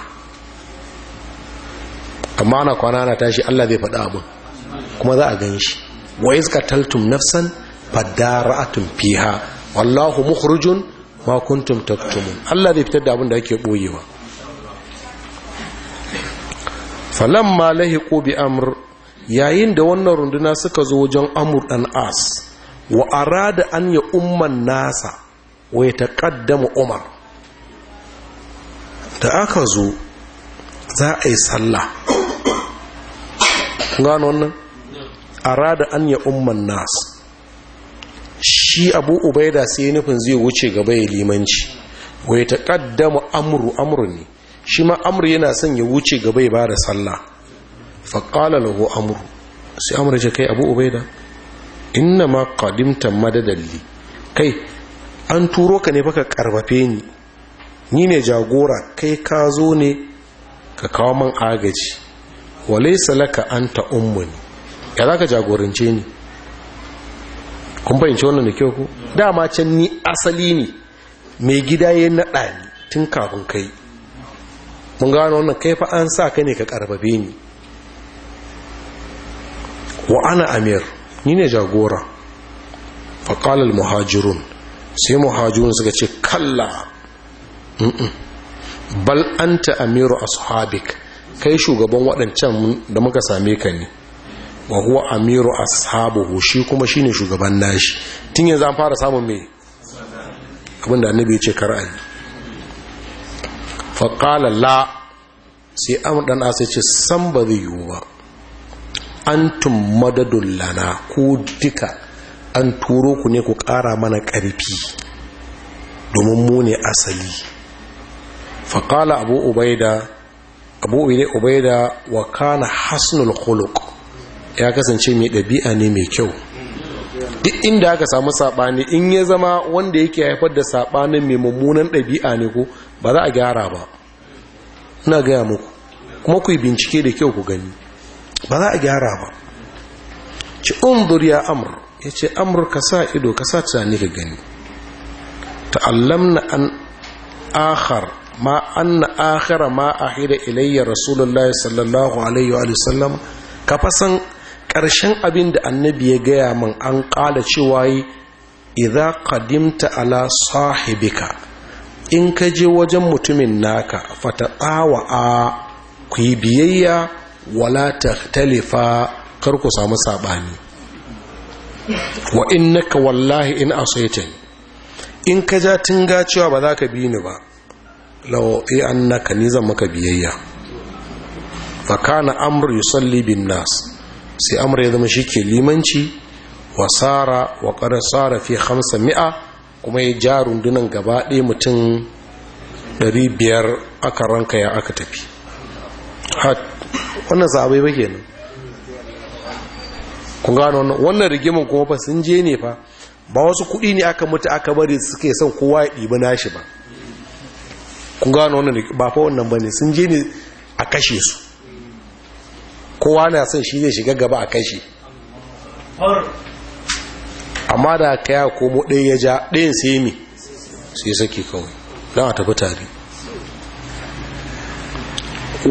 S1: amma ana kwana na tashi allah zai faɗi abin kuma za a gan shi wa iska taltum nafsan fadara'atun fiha wallahu mukhrijun ma kuntum taktumun allah zai fitar da abin da ake ɓoyewa Falan ma ko bi amur, yayin da wannan runduna suka zo wajen amur dan as wa arada an yi umman nasa wai ta kaddama umar da aka zo za a yi sallah gano wannan arada an yi umman nasa shi abu ubaida sai nufin zai wuce gaba ya limanci wai ta kaddama amuru amuru ne shi ma amur yana son ya wuce gaba ya bada sallah faƙala lahu amur sai amur ce kai abu ubaida inna ma qadimta madadalli kai an turo ka ne baka karbafe ni ni ne jagora kai ka zo ne ka kawo man agaji walaysa laka anta ummuni ya zaka jagorance ni kun fahimci wannan da kyau ko dama can ni asali ne mai gida ya naɗa ni tun kafin kai mun gano wannan kai fa an sa ka ne ka karbabe ni wa ana amir ni ne jagora al muhajirun sai muhajirun suka ce kalla bal anta amiru ashabik kai shugaban waɗancan da muka same ka ne wa huwa amiru ashabuhu shi kuma shine shugaban nashi tun yanzu an fara samun me abinda annabi ya ce kar'ani faƙala la sai amur ɗan sai ce san ba zai yiwu ba an tun madadun lana ko duka an turo ku ne ku ƙara mana ƙarfi domin mu ne asali faƙala abu ubaida abu ubaida wa kana hasnul khuluq ya kasance mai ɗabi'a ne mai kyau duk inda aka samu saɓani in ya zama wanda yake haifar da saɓanin mai mummunan ɗabi'a ne ko ba za a gyara ba ina gaya muku kuma ku yi bincike da kyau ku gani ba za a gyara ba ci undur ya amur ya ce amur ka sa ido ka sa tunani ka gani na an akhar ma na akhara ma ahida ilayya rasulullahi sallallahu alaihi wa sallam ka fasan ƙarshen abin da annabi ya gaya min an ƙala cewa yi kadimta qadimta ala sahibika in ka je wajen mutumin naka fata tsawa a ku yi biyayya wala ta talifa kar ku samu saɓani wa in naka wallahi in asaitin in ka ja ga cewa ba za ka bi ni ba lawa'i an naka ni zan maka biyayya Bakana amur yusalli bin nas sai amur ya zama shi ke limanci wa tsara wa ƙarar tsara fi hamsa mi'a kuma ya ja rundunan gaba ɗaya mutum 500 aka ranka ya aka tafi wannan sabai ba kenan kun gano wannan rigimin kuma ba sun je ne fa ba wasu kuɗi ne aka mutu aka bari suke son kowa ya ɗibi nashi ba kun gano wannan ba fa wannan ba ne sun je ne a kashe su kowa na son shi zai shiga gaba a kashe amma da ka ya komo ɗaya ya ja ɗayan sai mi sai sake kawai don a tafi tare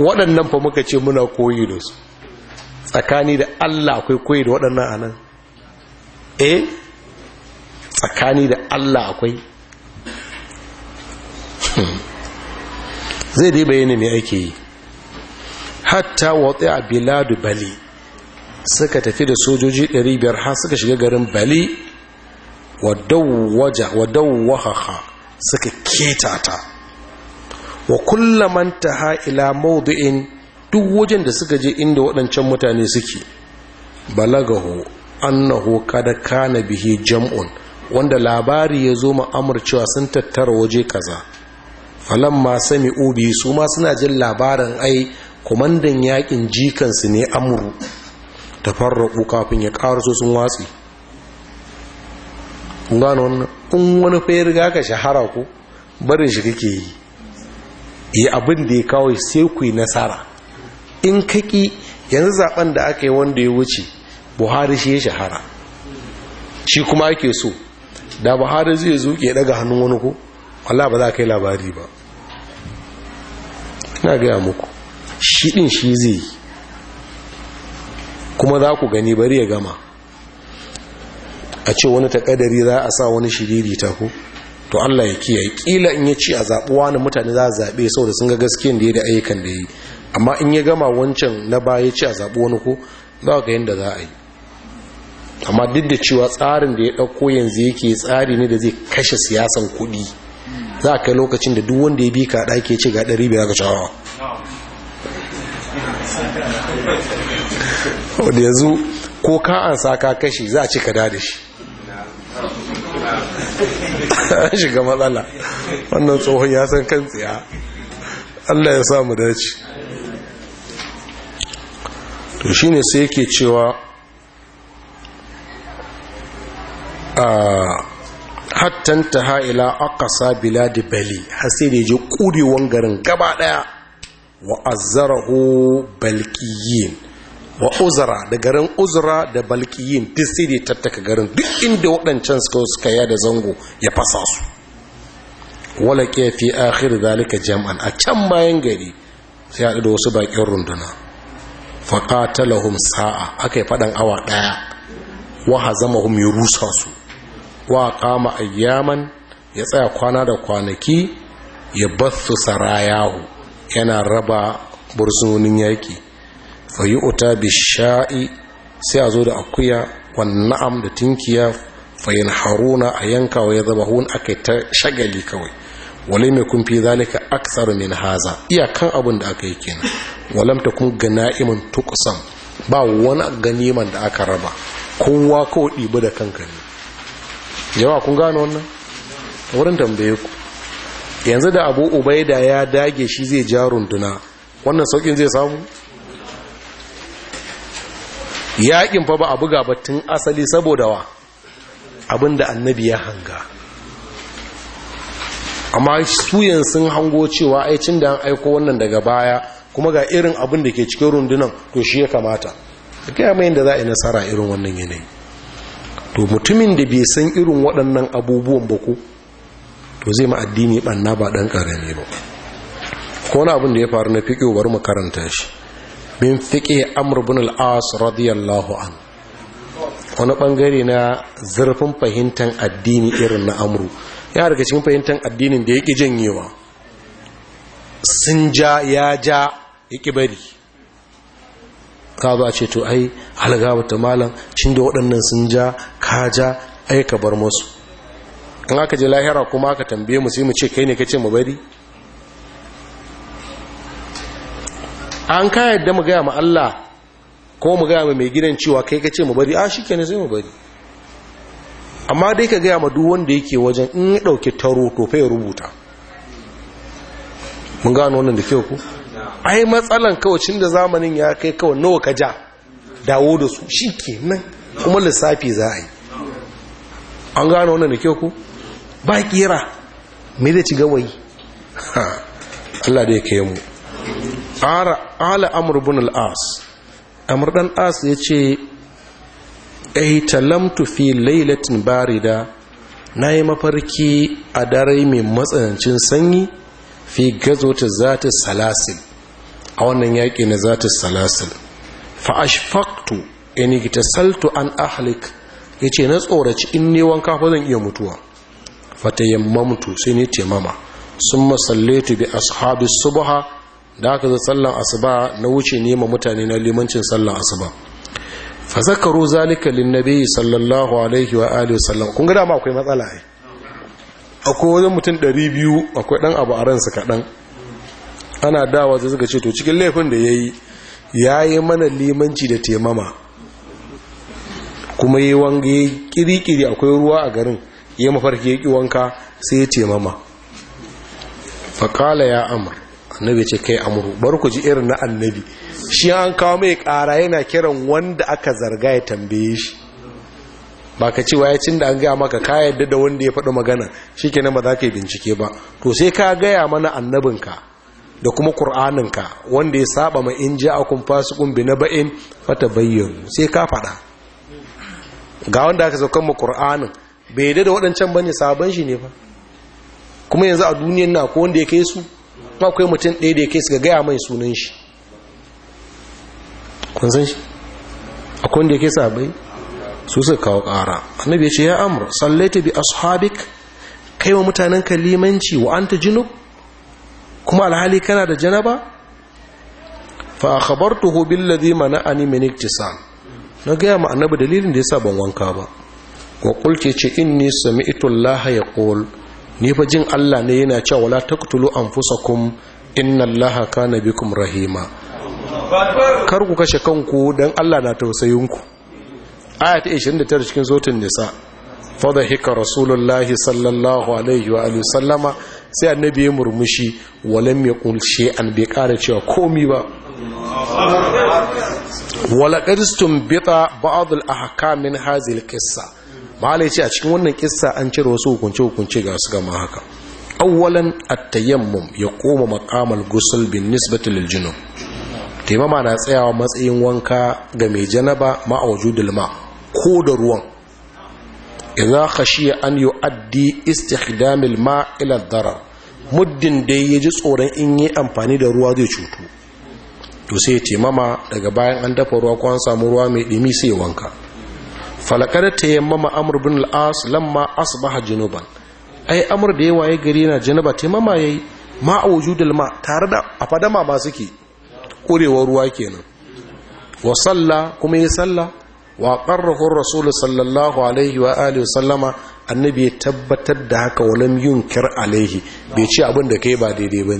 S1: waɗannan fa muka ce muna koyi da su tsakani da allah akwai koyi da waɗannan anan eh tsakani da allah akwai zai dai bayani mai ake yi hatta watsi a bali suka tafi da sojoji 500 har suka shiga garin bali wadawwaha suka keta ta wa kullaman taha ila maudu'in duk wajen da suka je inda waɗancan mutane suke balagahu annahu kada kana bihi jam'un wanda labari ya zo ma'amur cewa sun tattara waje kaza Falon ma sami ubi su ma suna jin labarin ai kwamandan yakin jikansu ne amuru tafarraku kafin ya karaso sun watsi gano wannan in wani fayar ga ka shahara ku barin shi kake yi yi abin da ya kawo sai ku yi nasara in kaki yanzu zaben da aka yi wanda ya wuce buhari shi ya shahara shi kuma ake so da buhari zai zo ya daga hannun wani ku. Allah ba za ka yi labari ba ina gaya muku shi din shi zai yi kuma za ku gani bari ya gama a ce wani takadari za a sa wani shiriri ta ku to Allah ya kiyaye kila in ya ci a zaɓuwa na mutane za a zaɓe da sun ga gaske da ya da ayyukan da ya yi amma in ya gama wancan na baya ci a zaɓu wani ko za ga yadda za a yi amma duk da cewa tsarin da ya ɗauko yanzu yake tsari ne da zai kashe siyasan kuɗi za a kai lokacin da duk wanda ya bi ka ɗaki ya ce ga ɗari biyar ga cawawa wadda yanzu ko ka an sa ka kashi za a ci ka da shi an shiga matsala wannan tsohon ya san kan tsiya allah ya samu dace to shi ne sai yake cewa a hattan ta ha'ila akasa biladi bali har sai da je kurewan garin gaba daya wa azzarahu balkiyin wa uzra da garin uzra da balkiyin duk sai da tattaka garin duk inda waɗancan suka suka ya da zango ya fasa su wala ke fi akhir zalika jam'an a can bayan gari sai haɗu da wasu bakin runduna faqatalahum sa'a aka yi faɗan awa ɗaya wa hazamahum ya rusa su wa kama ayyaman ya tsaya kwana da kwanaki ya bathu sarayahu yana raba burzunin yaki. fayi bi shai sai a zo da akuya wan na'am da tinkiya fayin haruna a yanka wa ya zaba hun aka ta shagali kawai wale mai kun fi zalika aksar min haza iyakan abin da aka yi kenan walam ta kun gana'imin tukusan ba wani ganiman da aka raba kowa kawai ɗibi da kanka ne jama'a kun gano wannan wurin tambaye ku yanzu da abu ubaida ya dage shi zai ja runduna wannan saukin zai samu yakin fa ba a buga ba asali saboda wa abinda annabi ya hanga amma suyan sun hango cewa aicin da an aiko wannan daga baya kuma ga irin abin da ke cikin rundunan to shi ya kamata da kai mai da za a yi nasara irin wannan yanayi to mutumin da bai san irin waɗannan abubuwan ba ko to zai ma addini ɓanna ba ɗan ƙarami ba ko wani abin da ya faru na fiƙo bari mu karanta shi min fiƙe amur bin al’as radiyallahu an wani ɓangare na zurfin fahimtar addini irin na amru ya daga cikin fahimtar addinin da ya ƙi janyewa sun ja ya ja ya ƙi bari ka ba ce to ai halgawa ta malam cin da waɗannan sun ja ka ja ai ka bar musu in aka je lahira kuma aka tambaye mu sai mu ce kai ne kace mu bari an ka yadda mu gaya ma Allah ko mu gaya ma mai gidan cewa kai ka ce mu bari a shi sai mu bari amma dai ka gaya ma duk wanda yake wajen in ya ɗauki taro to fa ya rubuta mun gano wannan da kyau ku ai matsalan kawacin da zamanin ya kai kawai nawa ka ja dawo da su shi kenan kuma lissafi za a yi an gano wannan da kyau ku ba kira me zai ci gawayi Allah da ya kai mu ƙala amur bin al'as amur ɗan as ya ce talamtu fi lailatin barida na yi mafarki a dare mai matsanancin sanyi fi gazo ta zata salasil a wannan yaƙi na zata salasil fa'ashfaktu yani ta saltu an ahlik ya ce na tsoraci in newan wanka fa zan iya mutuwa fatayammamtu sai ne temama sun masalletu bi ashabi subha da aka zo sallan asuba na wuce nema mutane na limancin sallan asuba fa zakaru zalika linnabi sallallahu alaihi wa alihi wasallam kun ga dama akwai matsala ai akwai wajen mutum 200 akwai dan abu a ransa kadan ana dawa zai suka ce to cikin laifin da yayi yayi mana limanci da temama kuma yayi wanga kirikiri akwai ruwa a garin yayi mafarki yaki wanka sai ya temama fa ya amr annabi ce kai amuru bari ku ji irin na annabi shi an kawo mai kara yana kiran wanda aka zarga ya tambaye shi ba ka ce waye cin da an gaya maka ka yadda da wanda ya faɗi magana shi kenan ba za ka yi bincike ba to sai ka gaya mana annabinka da kuma ƙur'aninka wanda ya saba ma in ji akun fasu bi na ba'in fata bayyano sai ka faɗa ga wanda aka saukan ma ƙur'anin bai yadda da waɗancan bane sabon shi ne ba kuma yanzu a duniyan na ko wanda ya kai su ba mutum ɗaya da ya kai su ga gaya mai sunan shi kun san shi akwai wanda ya kai sabai su suka kawo ƙara annabi ya ce ya amur sallaita bi ashabik kai wa mutanen ka limanci wa anta jinu kuma alhali kana da janaba fa akhbartuhu billadhi mana'ani min iktisam na gaya ma annabi dalilin da yasa ban wanka ba wa qulti ce inni sami'tu allaha yaqul ni fa jin Allah ne yana cewa wala taqtulu anfusakum innallaha kana bikum rahima kar ku kashe kanku dan Allah na tausayinku aya ta 29 cikin zotin nisa fadhika rasulullahi sallallahu alaihi wa alihi sallama sai annabi ya murmushi walam yaqul shay'an bai qara cewa komi ba wala qadistum bita ba'd al ahkam min hadhihi al qissa malai ce a cikin wannan kissa an cire wasu hukunce hukunce ga su gama haka awwalan at ya koma makamal gusul bin nisbati lil junub taimama na tsayawa matsayin wanka ga mai janaba ma'awjudul ma ko da ruwan idza khashiya an yu'addi istihdamil ma ila darar muddin ya ji tsoron in yi amfani da ruwa zai cutu to sai taimama daga bayan an dafa ruwa ko an samu ruwa mai dimi sai wanka falakar ta yi mama amur bin al'as lamma asbaha junuban ai amur da yawa ya gari na jinuba ta mama yayi ma a wujudul ma tare da a fadama masu suke ƙurewar ruwa kenan wa tsalla kuma yi salla wa rasu rasul sallallahu alaihi wa alihi wa sallama annabi ya tabbatar da haka walam yunkir alaihi bai ci abin da kai ba daidai ba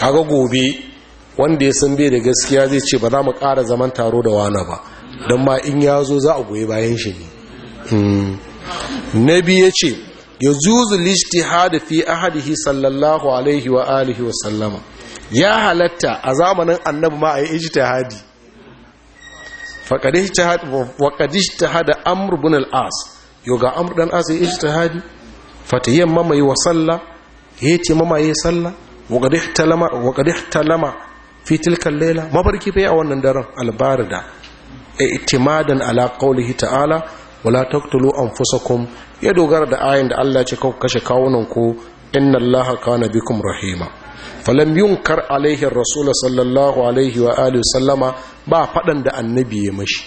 S1: A ga gobe wanda ya san bai da gaskiya zai ce ba za mu ƙara zaman taro da wani ba don ma in ya zo za a goyi bayan shi ne hmm. na biyu ya ce ya zuzu lishti hada fi ahadihi sallallahu alaihi wa alihi wa sallama ya halatta a zamanin annabi ma a yi Hadi. faƙadish ta hada amur bin al'as yau ga amur ɗan as ya ta hadi fatayyan mamaye wa sallah ya ce mamaye sallah waƙadish ta lama tilkan laila mafarki fa a wannan daren albarada. itimadan ala qaulihi ta'ala wala taqtulu anfusakum ya dogara da ayin da Allah ce kawo kashe kawunan ku inna Allah kana bikum rahima falam yunkar alaihi rasul sallallahu alaihi wa alihi sallama ba fadan da annabi ya mashi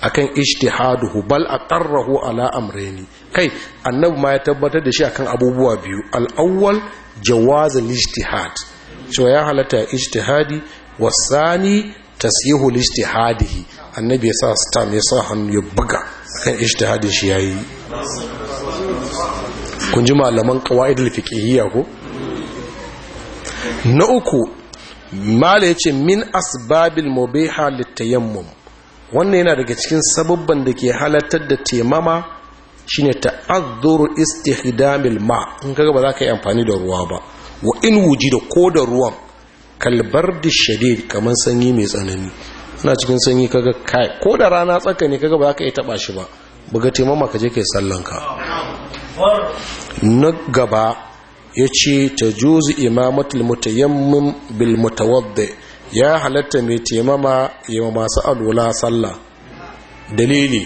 S1: akan ijtihaduhu bal a aqarrahu ala amrayni kai annabi ma ya tabbatar da shi akan abubuwa biyu al-awwal jawaz al-ijtihad cewa ya halatta ijtihadi wasani tasyihu lijtihadihi annabi ya sa stam ya sa hannu ya buga kan ijtihadin shi yayi kun ji malaman qawaid al-fiqhiyya ko na uku mala yace min asbabil mubiha litayammum wannan yana daga cikin sababban da ke halartar da temama shine ta'azzuru istihdamil ma in kaga ba za ka yi amfani da ruwa ba wa in wuji da ko da ruwan kalbar da shadid kamar sanyi mai tsanani na cikin sanyi kaga kai ko da rana tsaka ne kaga ba ka yi taba shi ba buga taimama ka je kai sallanka na gaba ya ce ta juzi imamatul mutayammin bil mutawadde ya halatta mai taimama ya masu alwala sallah dalili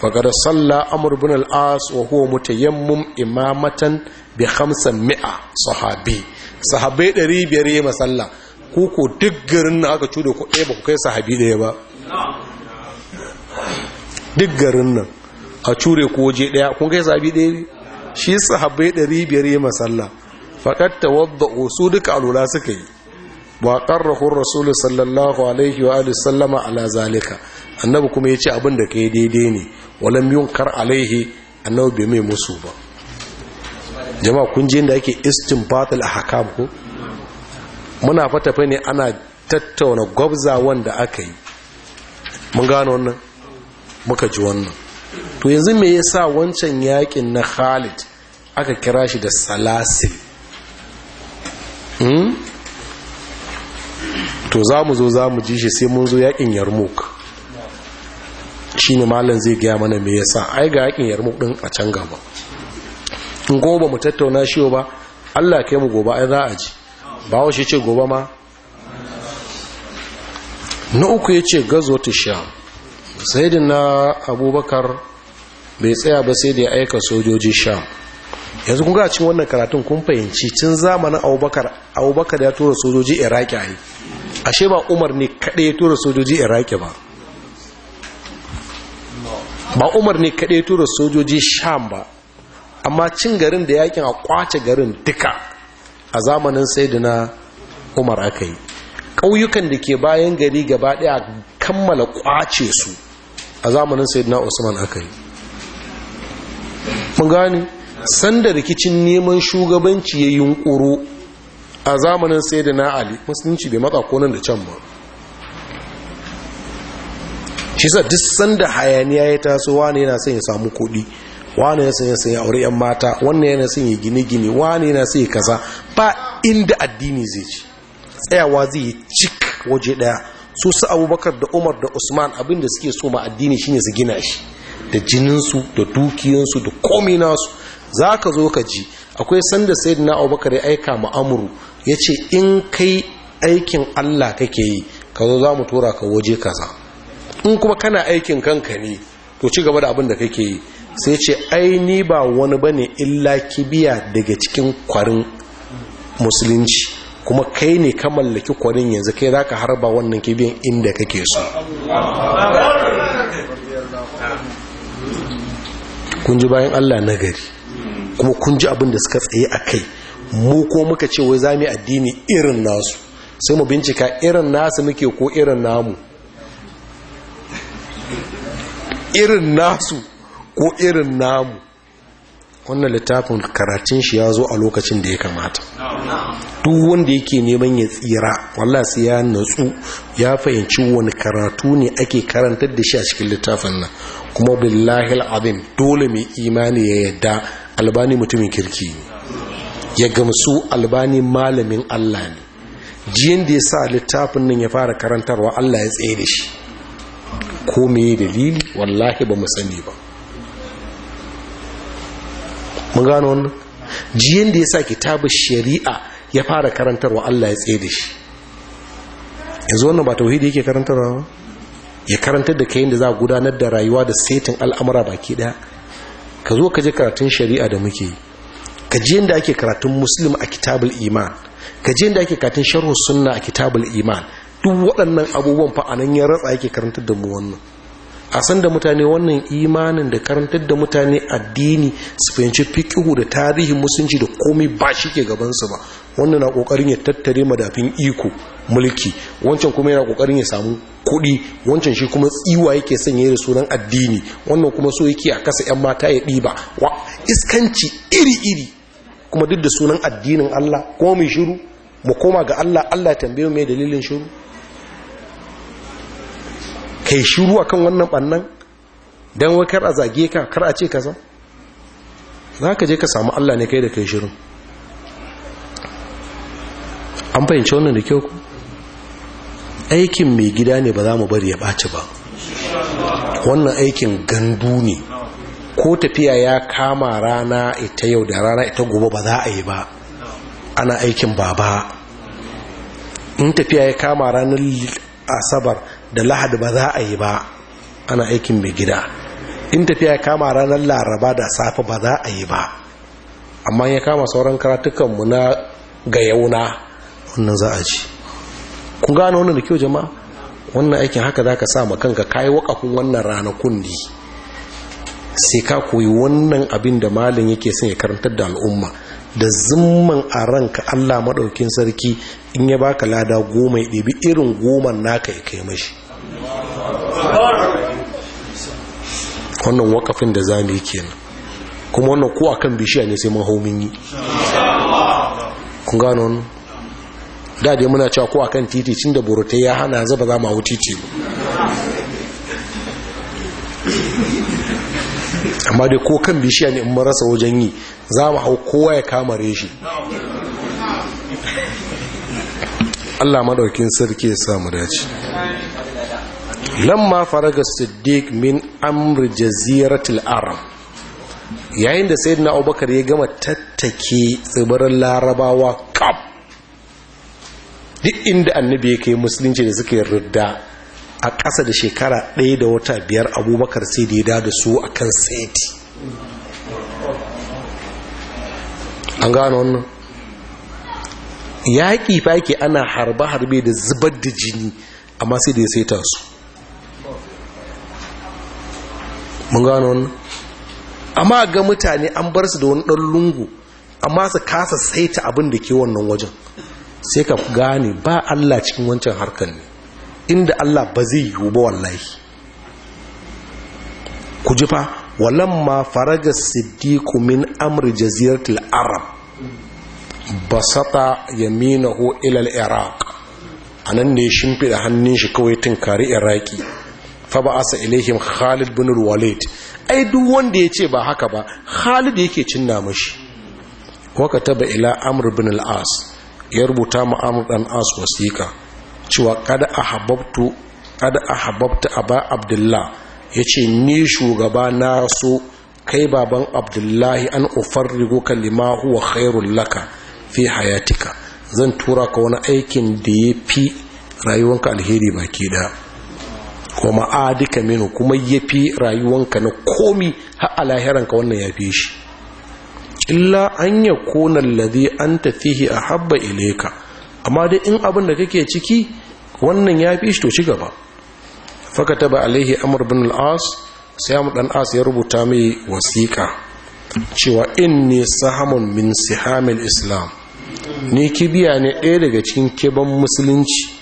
S1: fagar sallah amur bin al'as wa huwa mutayammin imamatan bi hamsin mi'a sahabi sahabai ɗari biyar yi masalla ku ko duk garin na aka cuɗe ku ɗaya eh, ba ku kai sahabi ɗaya ba duk garin nan a cure ku waje ɗaya kun kai sahabi ɗaya ne shi sahabai ɗari biyar yi masalla faƙat ta wadda su duka alula suka yi wa ƙarrahun rasulu sallallahu alaihi wa alihi sallama ala zalika annabi kuma ya ce abin da ka yi daidai ne walam yun kar alaihi annabi bai mai musu ba jama'a kun je da ake istinbatul ahkam ko muna fatafe ne ana tattauna gwabza wanda aka yi mun gano wannan muka ji wannan to yanzu me sa wancan yakin na Khalid aka kira shi da salasil hmm? to za mu zo za mu ji shi sai mun zo yakin yarmouk shi ne malin zai gaya mana me sa ai ga yakin yarmouk din a can gaba in goba mu tattauna shi ba allah kai mu gobe ai za a ji ba shi ce gobe ma na uku ya ce gazo ta sham na abubakar bai tsaya ba sai da ya aika sojoji sham yanzu kun cin wannan karatun kun fahimci cin zamanin abubakar abubakar ya tura sojoji iraki a yi ashe ba umar ne kaɗai ya tura sojoji iraki ba ba umar ne kaɗai tura sojoji sham ba amma cin garin da yakin a kwace garin duka a zamanin saidina umar aka yi ƙauyukan da ke bayan gari gaba ɗaya kammala ƙwace su a zamanin saidina usman aka yi mun gani sanda rikicin neman shugabanci ya yunƙuro a zamanin saidina ali musulunci bai matsa konan da can ba shi sa duk sanda hayaniya ya taso wani yana son ya samu kuɗi wani yana son ya aure yan mata wannan yana son ya gine gine wani yana son ya kaza ba inda addini zai ci tsayawa zai yi cik waje daya su su abubakar da umar da usman abinda suke so ma addini shine su gina shi da jininsu da dukiyansu da komi za ka zo ka ji akwai sanda sai na abubakar ya aika ma amuru ya ce in kai aikin allah kake yi ka zo za mu tura ka waje kaza in kuma kana aikin kanka ne to ci gaba da abin da kake yi sai ce ai ni ba wani bane illa kibiya daga cikin kwarin musulunci kuma kai ne ka mallaki kwarin yanzu kai za ka harba wannan kibiyan inda kake so kun ji bayan allah na gari kuma kun ji abinda suka tsaye a kai mu ko muka ce wai za mu addini irin nasu sai mu bincika irin nasu muke ko irin namu irin nasu ko irin namu wannan littafin karatun shi ya zo a lokacin da ya kamata duk wanda yake neman ya tsira wallah sai ya natsu ya fahimci wani karatu ne ake karantar da shi a cikin littafin nan kuma billahi al'azim dole mai imani ya yadda albani mutumin kirki ne ya gamsu albani malamin Allah ne jiyan da ya sa littafin nan ya fara karantarwa Allah ya tsaye da shi ko me dalili wallahi ba mu sani ba mun gano wannan jiyan da ya sa kitabu shari'a ya fara karantarwa Allah ya tsaye da shi yanzu wannan ba tauhidi yake karantarwa ba ya karantar da kayan da za a gudanar da rayuwa da setin al'amura baki daya ka zo ka je karatun shari'a da muke yi ka je yadda ake karatun muslim a kitabul iman ka je yadda ake karatun sharhu sunna a kitabul iman duk waɗannan abubuwan fa anan ya ratsa yake karantar da mu wannan a san da mutane wannan imanin da karantar da mutane addini su fahimci fikihu da tarihin musulunci da komai ba shi ke gabansu ba wannan na kokarin ya tattare madafin iko mulki wancan kuma yana kokarin ya samu kuɗi wancan shi kuma tsiwa yake sanye da sunan addini wannan kuma so yake a kasa yan mata ya ɗiba wa iskanci iri-iri kuma duk da sunan addinin Allah kuma mai shiru mu koma ga Allah Allah tambaye mai dalilin shiru kai shiru akan wannan bannan dan wai kar a zage ka kar a ce kaza zaka je ka samu Allah ne kai da kai shiru an fahimci wannan da kyau ku aikin mai gida ne ba za mu bari ya ɓaci ba wannan aikin gandu ne ko tafiya ya kama rana ita yau da rana ita gobe ba za a yi ba ana aikin baba in tafiya ya kama ranar asabar da lahadi ba za a yi ba ana aikin mai gida in tafiya ya kama ranar laraba da safe ba za a yi ba amma ya kama sauran karatukanmu na ga yauna wannan za a ji kun gano wannan da kyau jama'a wannan aikin haka za ka sa kanka kayi wakafin wannan ranakun ne sai ka koyi wannan abin da malin yake son ya karantar da al'umma da zimman a ranka allah maɗaukin sarki in ya baka lada goma ya ɗabi irin goma naka ya kai mashi wannan wakafin da za mu yi kenan kuma wannan ko akan bishiya ne sai mun hau yi kun gano wannan da muna cewa ko akan titi cin da burutai ya hana yanzu ba za mu hau titi amma dai ko kan bishiya ne in marasa wajen yi za mu hau kowa ya kamare shi Allah maɗaukin sarki ya samu dace lamma faraga siddiq min amr jaziratul arab yayin da sayyidina abubakar ya gama tattake tsibirin larabawa kaf duk inda annabi ya kai musulunci da suka yarda a ƙasa da shekara ɗaya da wata biyar abubakar sai da ya da su a kan saiti an gano wannan yaƙi fa ana harbe-harbe da zubar da jini amma sai da ya saita su mun gano wannan amma ga mutane an bar su da wani ɗan lungu amma su kasa saita abin da ke wannan wajen sai ka gane ba Allah cikin wancan harkar ne inda Allah ba zai yiwu ba wallahi ku ji fa walamma faraga siddiqu min amri jaziratul arab basata yaminahu ila al-iraq anan ne shimfida hannun shi kawai tinkari iraki fa ba asa ilaihim khalid bin walid ai duk wanda ya ce ba haka ba khalid yake cinna mashi waka taba ila amr bin al-as ya rubuta ma amr dan as wasika cewa kad ahabbtu kad ahabbtu aba abdullah yace ni shugaba na so kai baban abdullahi an ufarrigo kalima huwa khairul laka fi hayatika zan tura ka wani aikin da ya fi rayuwanka alheri baki da wa ma'adika minu kuma yafi rayuwanka na komi har a lahiranka wannan fi shi illa an yakuna an tafihi habba ahabba Ileka. amma dai in abin da kake ciki wannan yafi shi to ci gaba taba alaihi amur bin al-as sai amur dan as ya rubuta mai wasiƙa. cewa in ne sahamun min sihamil islam ni kibiya ne ɗaya daga cikin kiban musulunci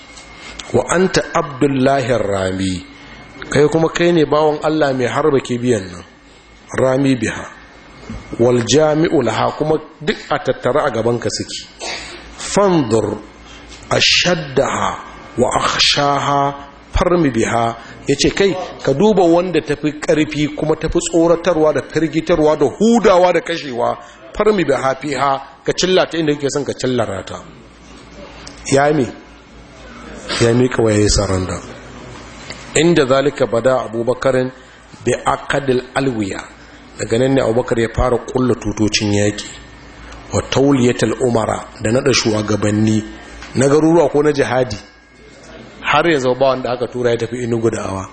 S1: wa anta abdullahi rami kai kuma kai ne bawon Allah mai harba biyan nan rami biha wal jami'u laha kuma duk a tattara a gabanka suke fandur ashaddaha wa akhshaha farmi biha yace kai ka duba wanda tafi ƙarfi kuma tafi tsoratarwa da firgitarwa da hudawa da kashewa farmi biha fiha ka ta inda kake son ka cillara ta yami ya miƙa waye saranda inda zalika bada abubakarin bi akadil alwiya daga nan ne abubakar ya fara kulla tutocin yaki wa tauliyatul umara da nada shugabanni na garuruwa ko na jihadi har yanzu ba wanda aka tura ya tafi inugu da awa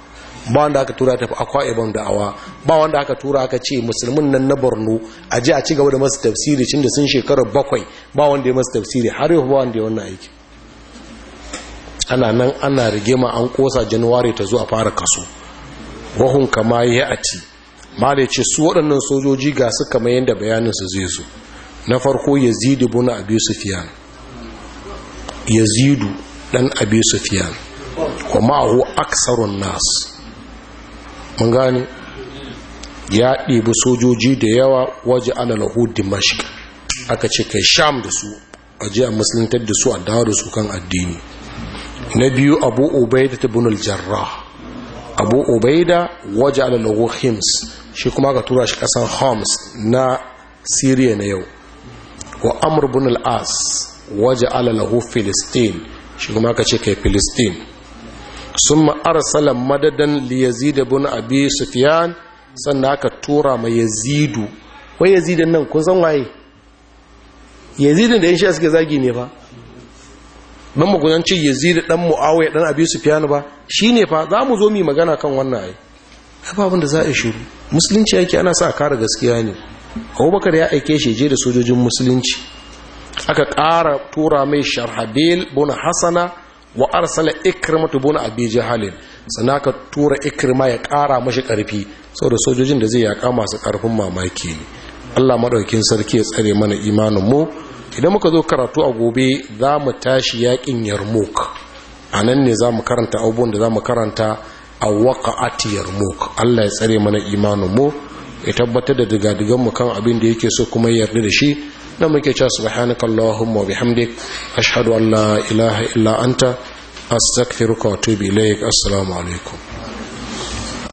S1: ba wanda aka tura ya tafi akwa ibom da awa ba wanda aka tura aka ce musulmin nan na borno a ji a ci gaba da masu tafsiri cin da sun shekarar bakwai ba wanda ya masu tafsiri har yau ba wanda ya wannan aiki ana nan ana rigima an kosa januwari ta zuwa fara kaso wahun kama ya a ci da ce su waɗannan sojoji ga su kama yadda bayanin su zai zo na farko yazidu buna abi sufiyan yazidu ɗan abi sufiyan kuma ahu aksarun nas mun gani ya ɗibi sojoji da yawa waje ana alalahu mashi. aka ce kai sham da su a a musuluntar da su a dawo da su kan addini na biyu abu ubaida ta bunul jarra abu ubaida waje alalago hims shi kuma ka tura shi kasan homs na Siriya na yau wa amur bunul as waje alalago filistin shi kuma ka ce kai filistin sun ma'arsala madadan liyazidu bin abi sufiyan sannan aka tura ma yazidu wai yazidin nan kun san waye yazidin da yan shi suke zagi ne ba don magudan ce yazid dan muawiya dan abi sufyan ba shi ne fa za mu zo mu magana kan wannan ai ababun da za a shiru musulunci yake ana sa kare gaskiya ne abubakar ya aike shi je da sojojin musulunci aka ƙara tura mai sharhabil buna hasana wa arsala ikrimatu buna abi jahalin sannan ka tura ikrima ya ƙara mashi ƙarfi saboda sojojin da zai yaƙa masu ƙarfin mamaki ne allah maɗaukin sarki ya tsare mana imanin mu idan muka zo karatu a gobe za mu tashi yakin yarmouk a nan ne za mu karanta abubuwan da za mu karanta a waƙa'ati yarmouk allah ya tsare mana imanin mu ya tabbatar da digadigan mu kan abin da yake so kuma yarda da shi na muke cewa subhanaka allahumma wa bihamdik ashhadu an la ilaha illa anta astaghfiruka wa atubu assalamu alaikum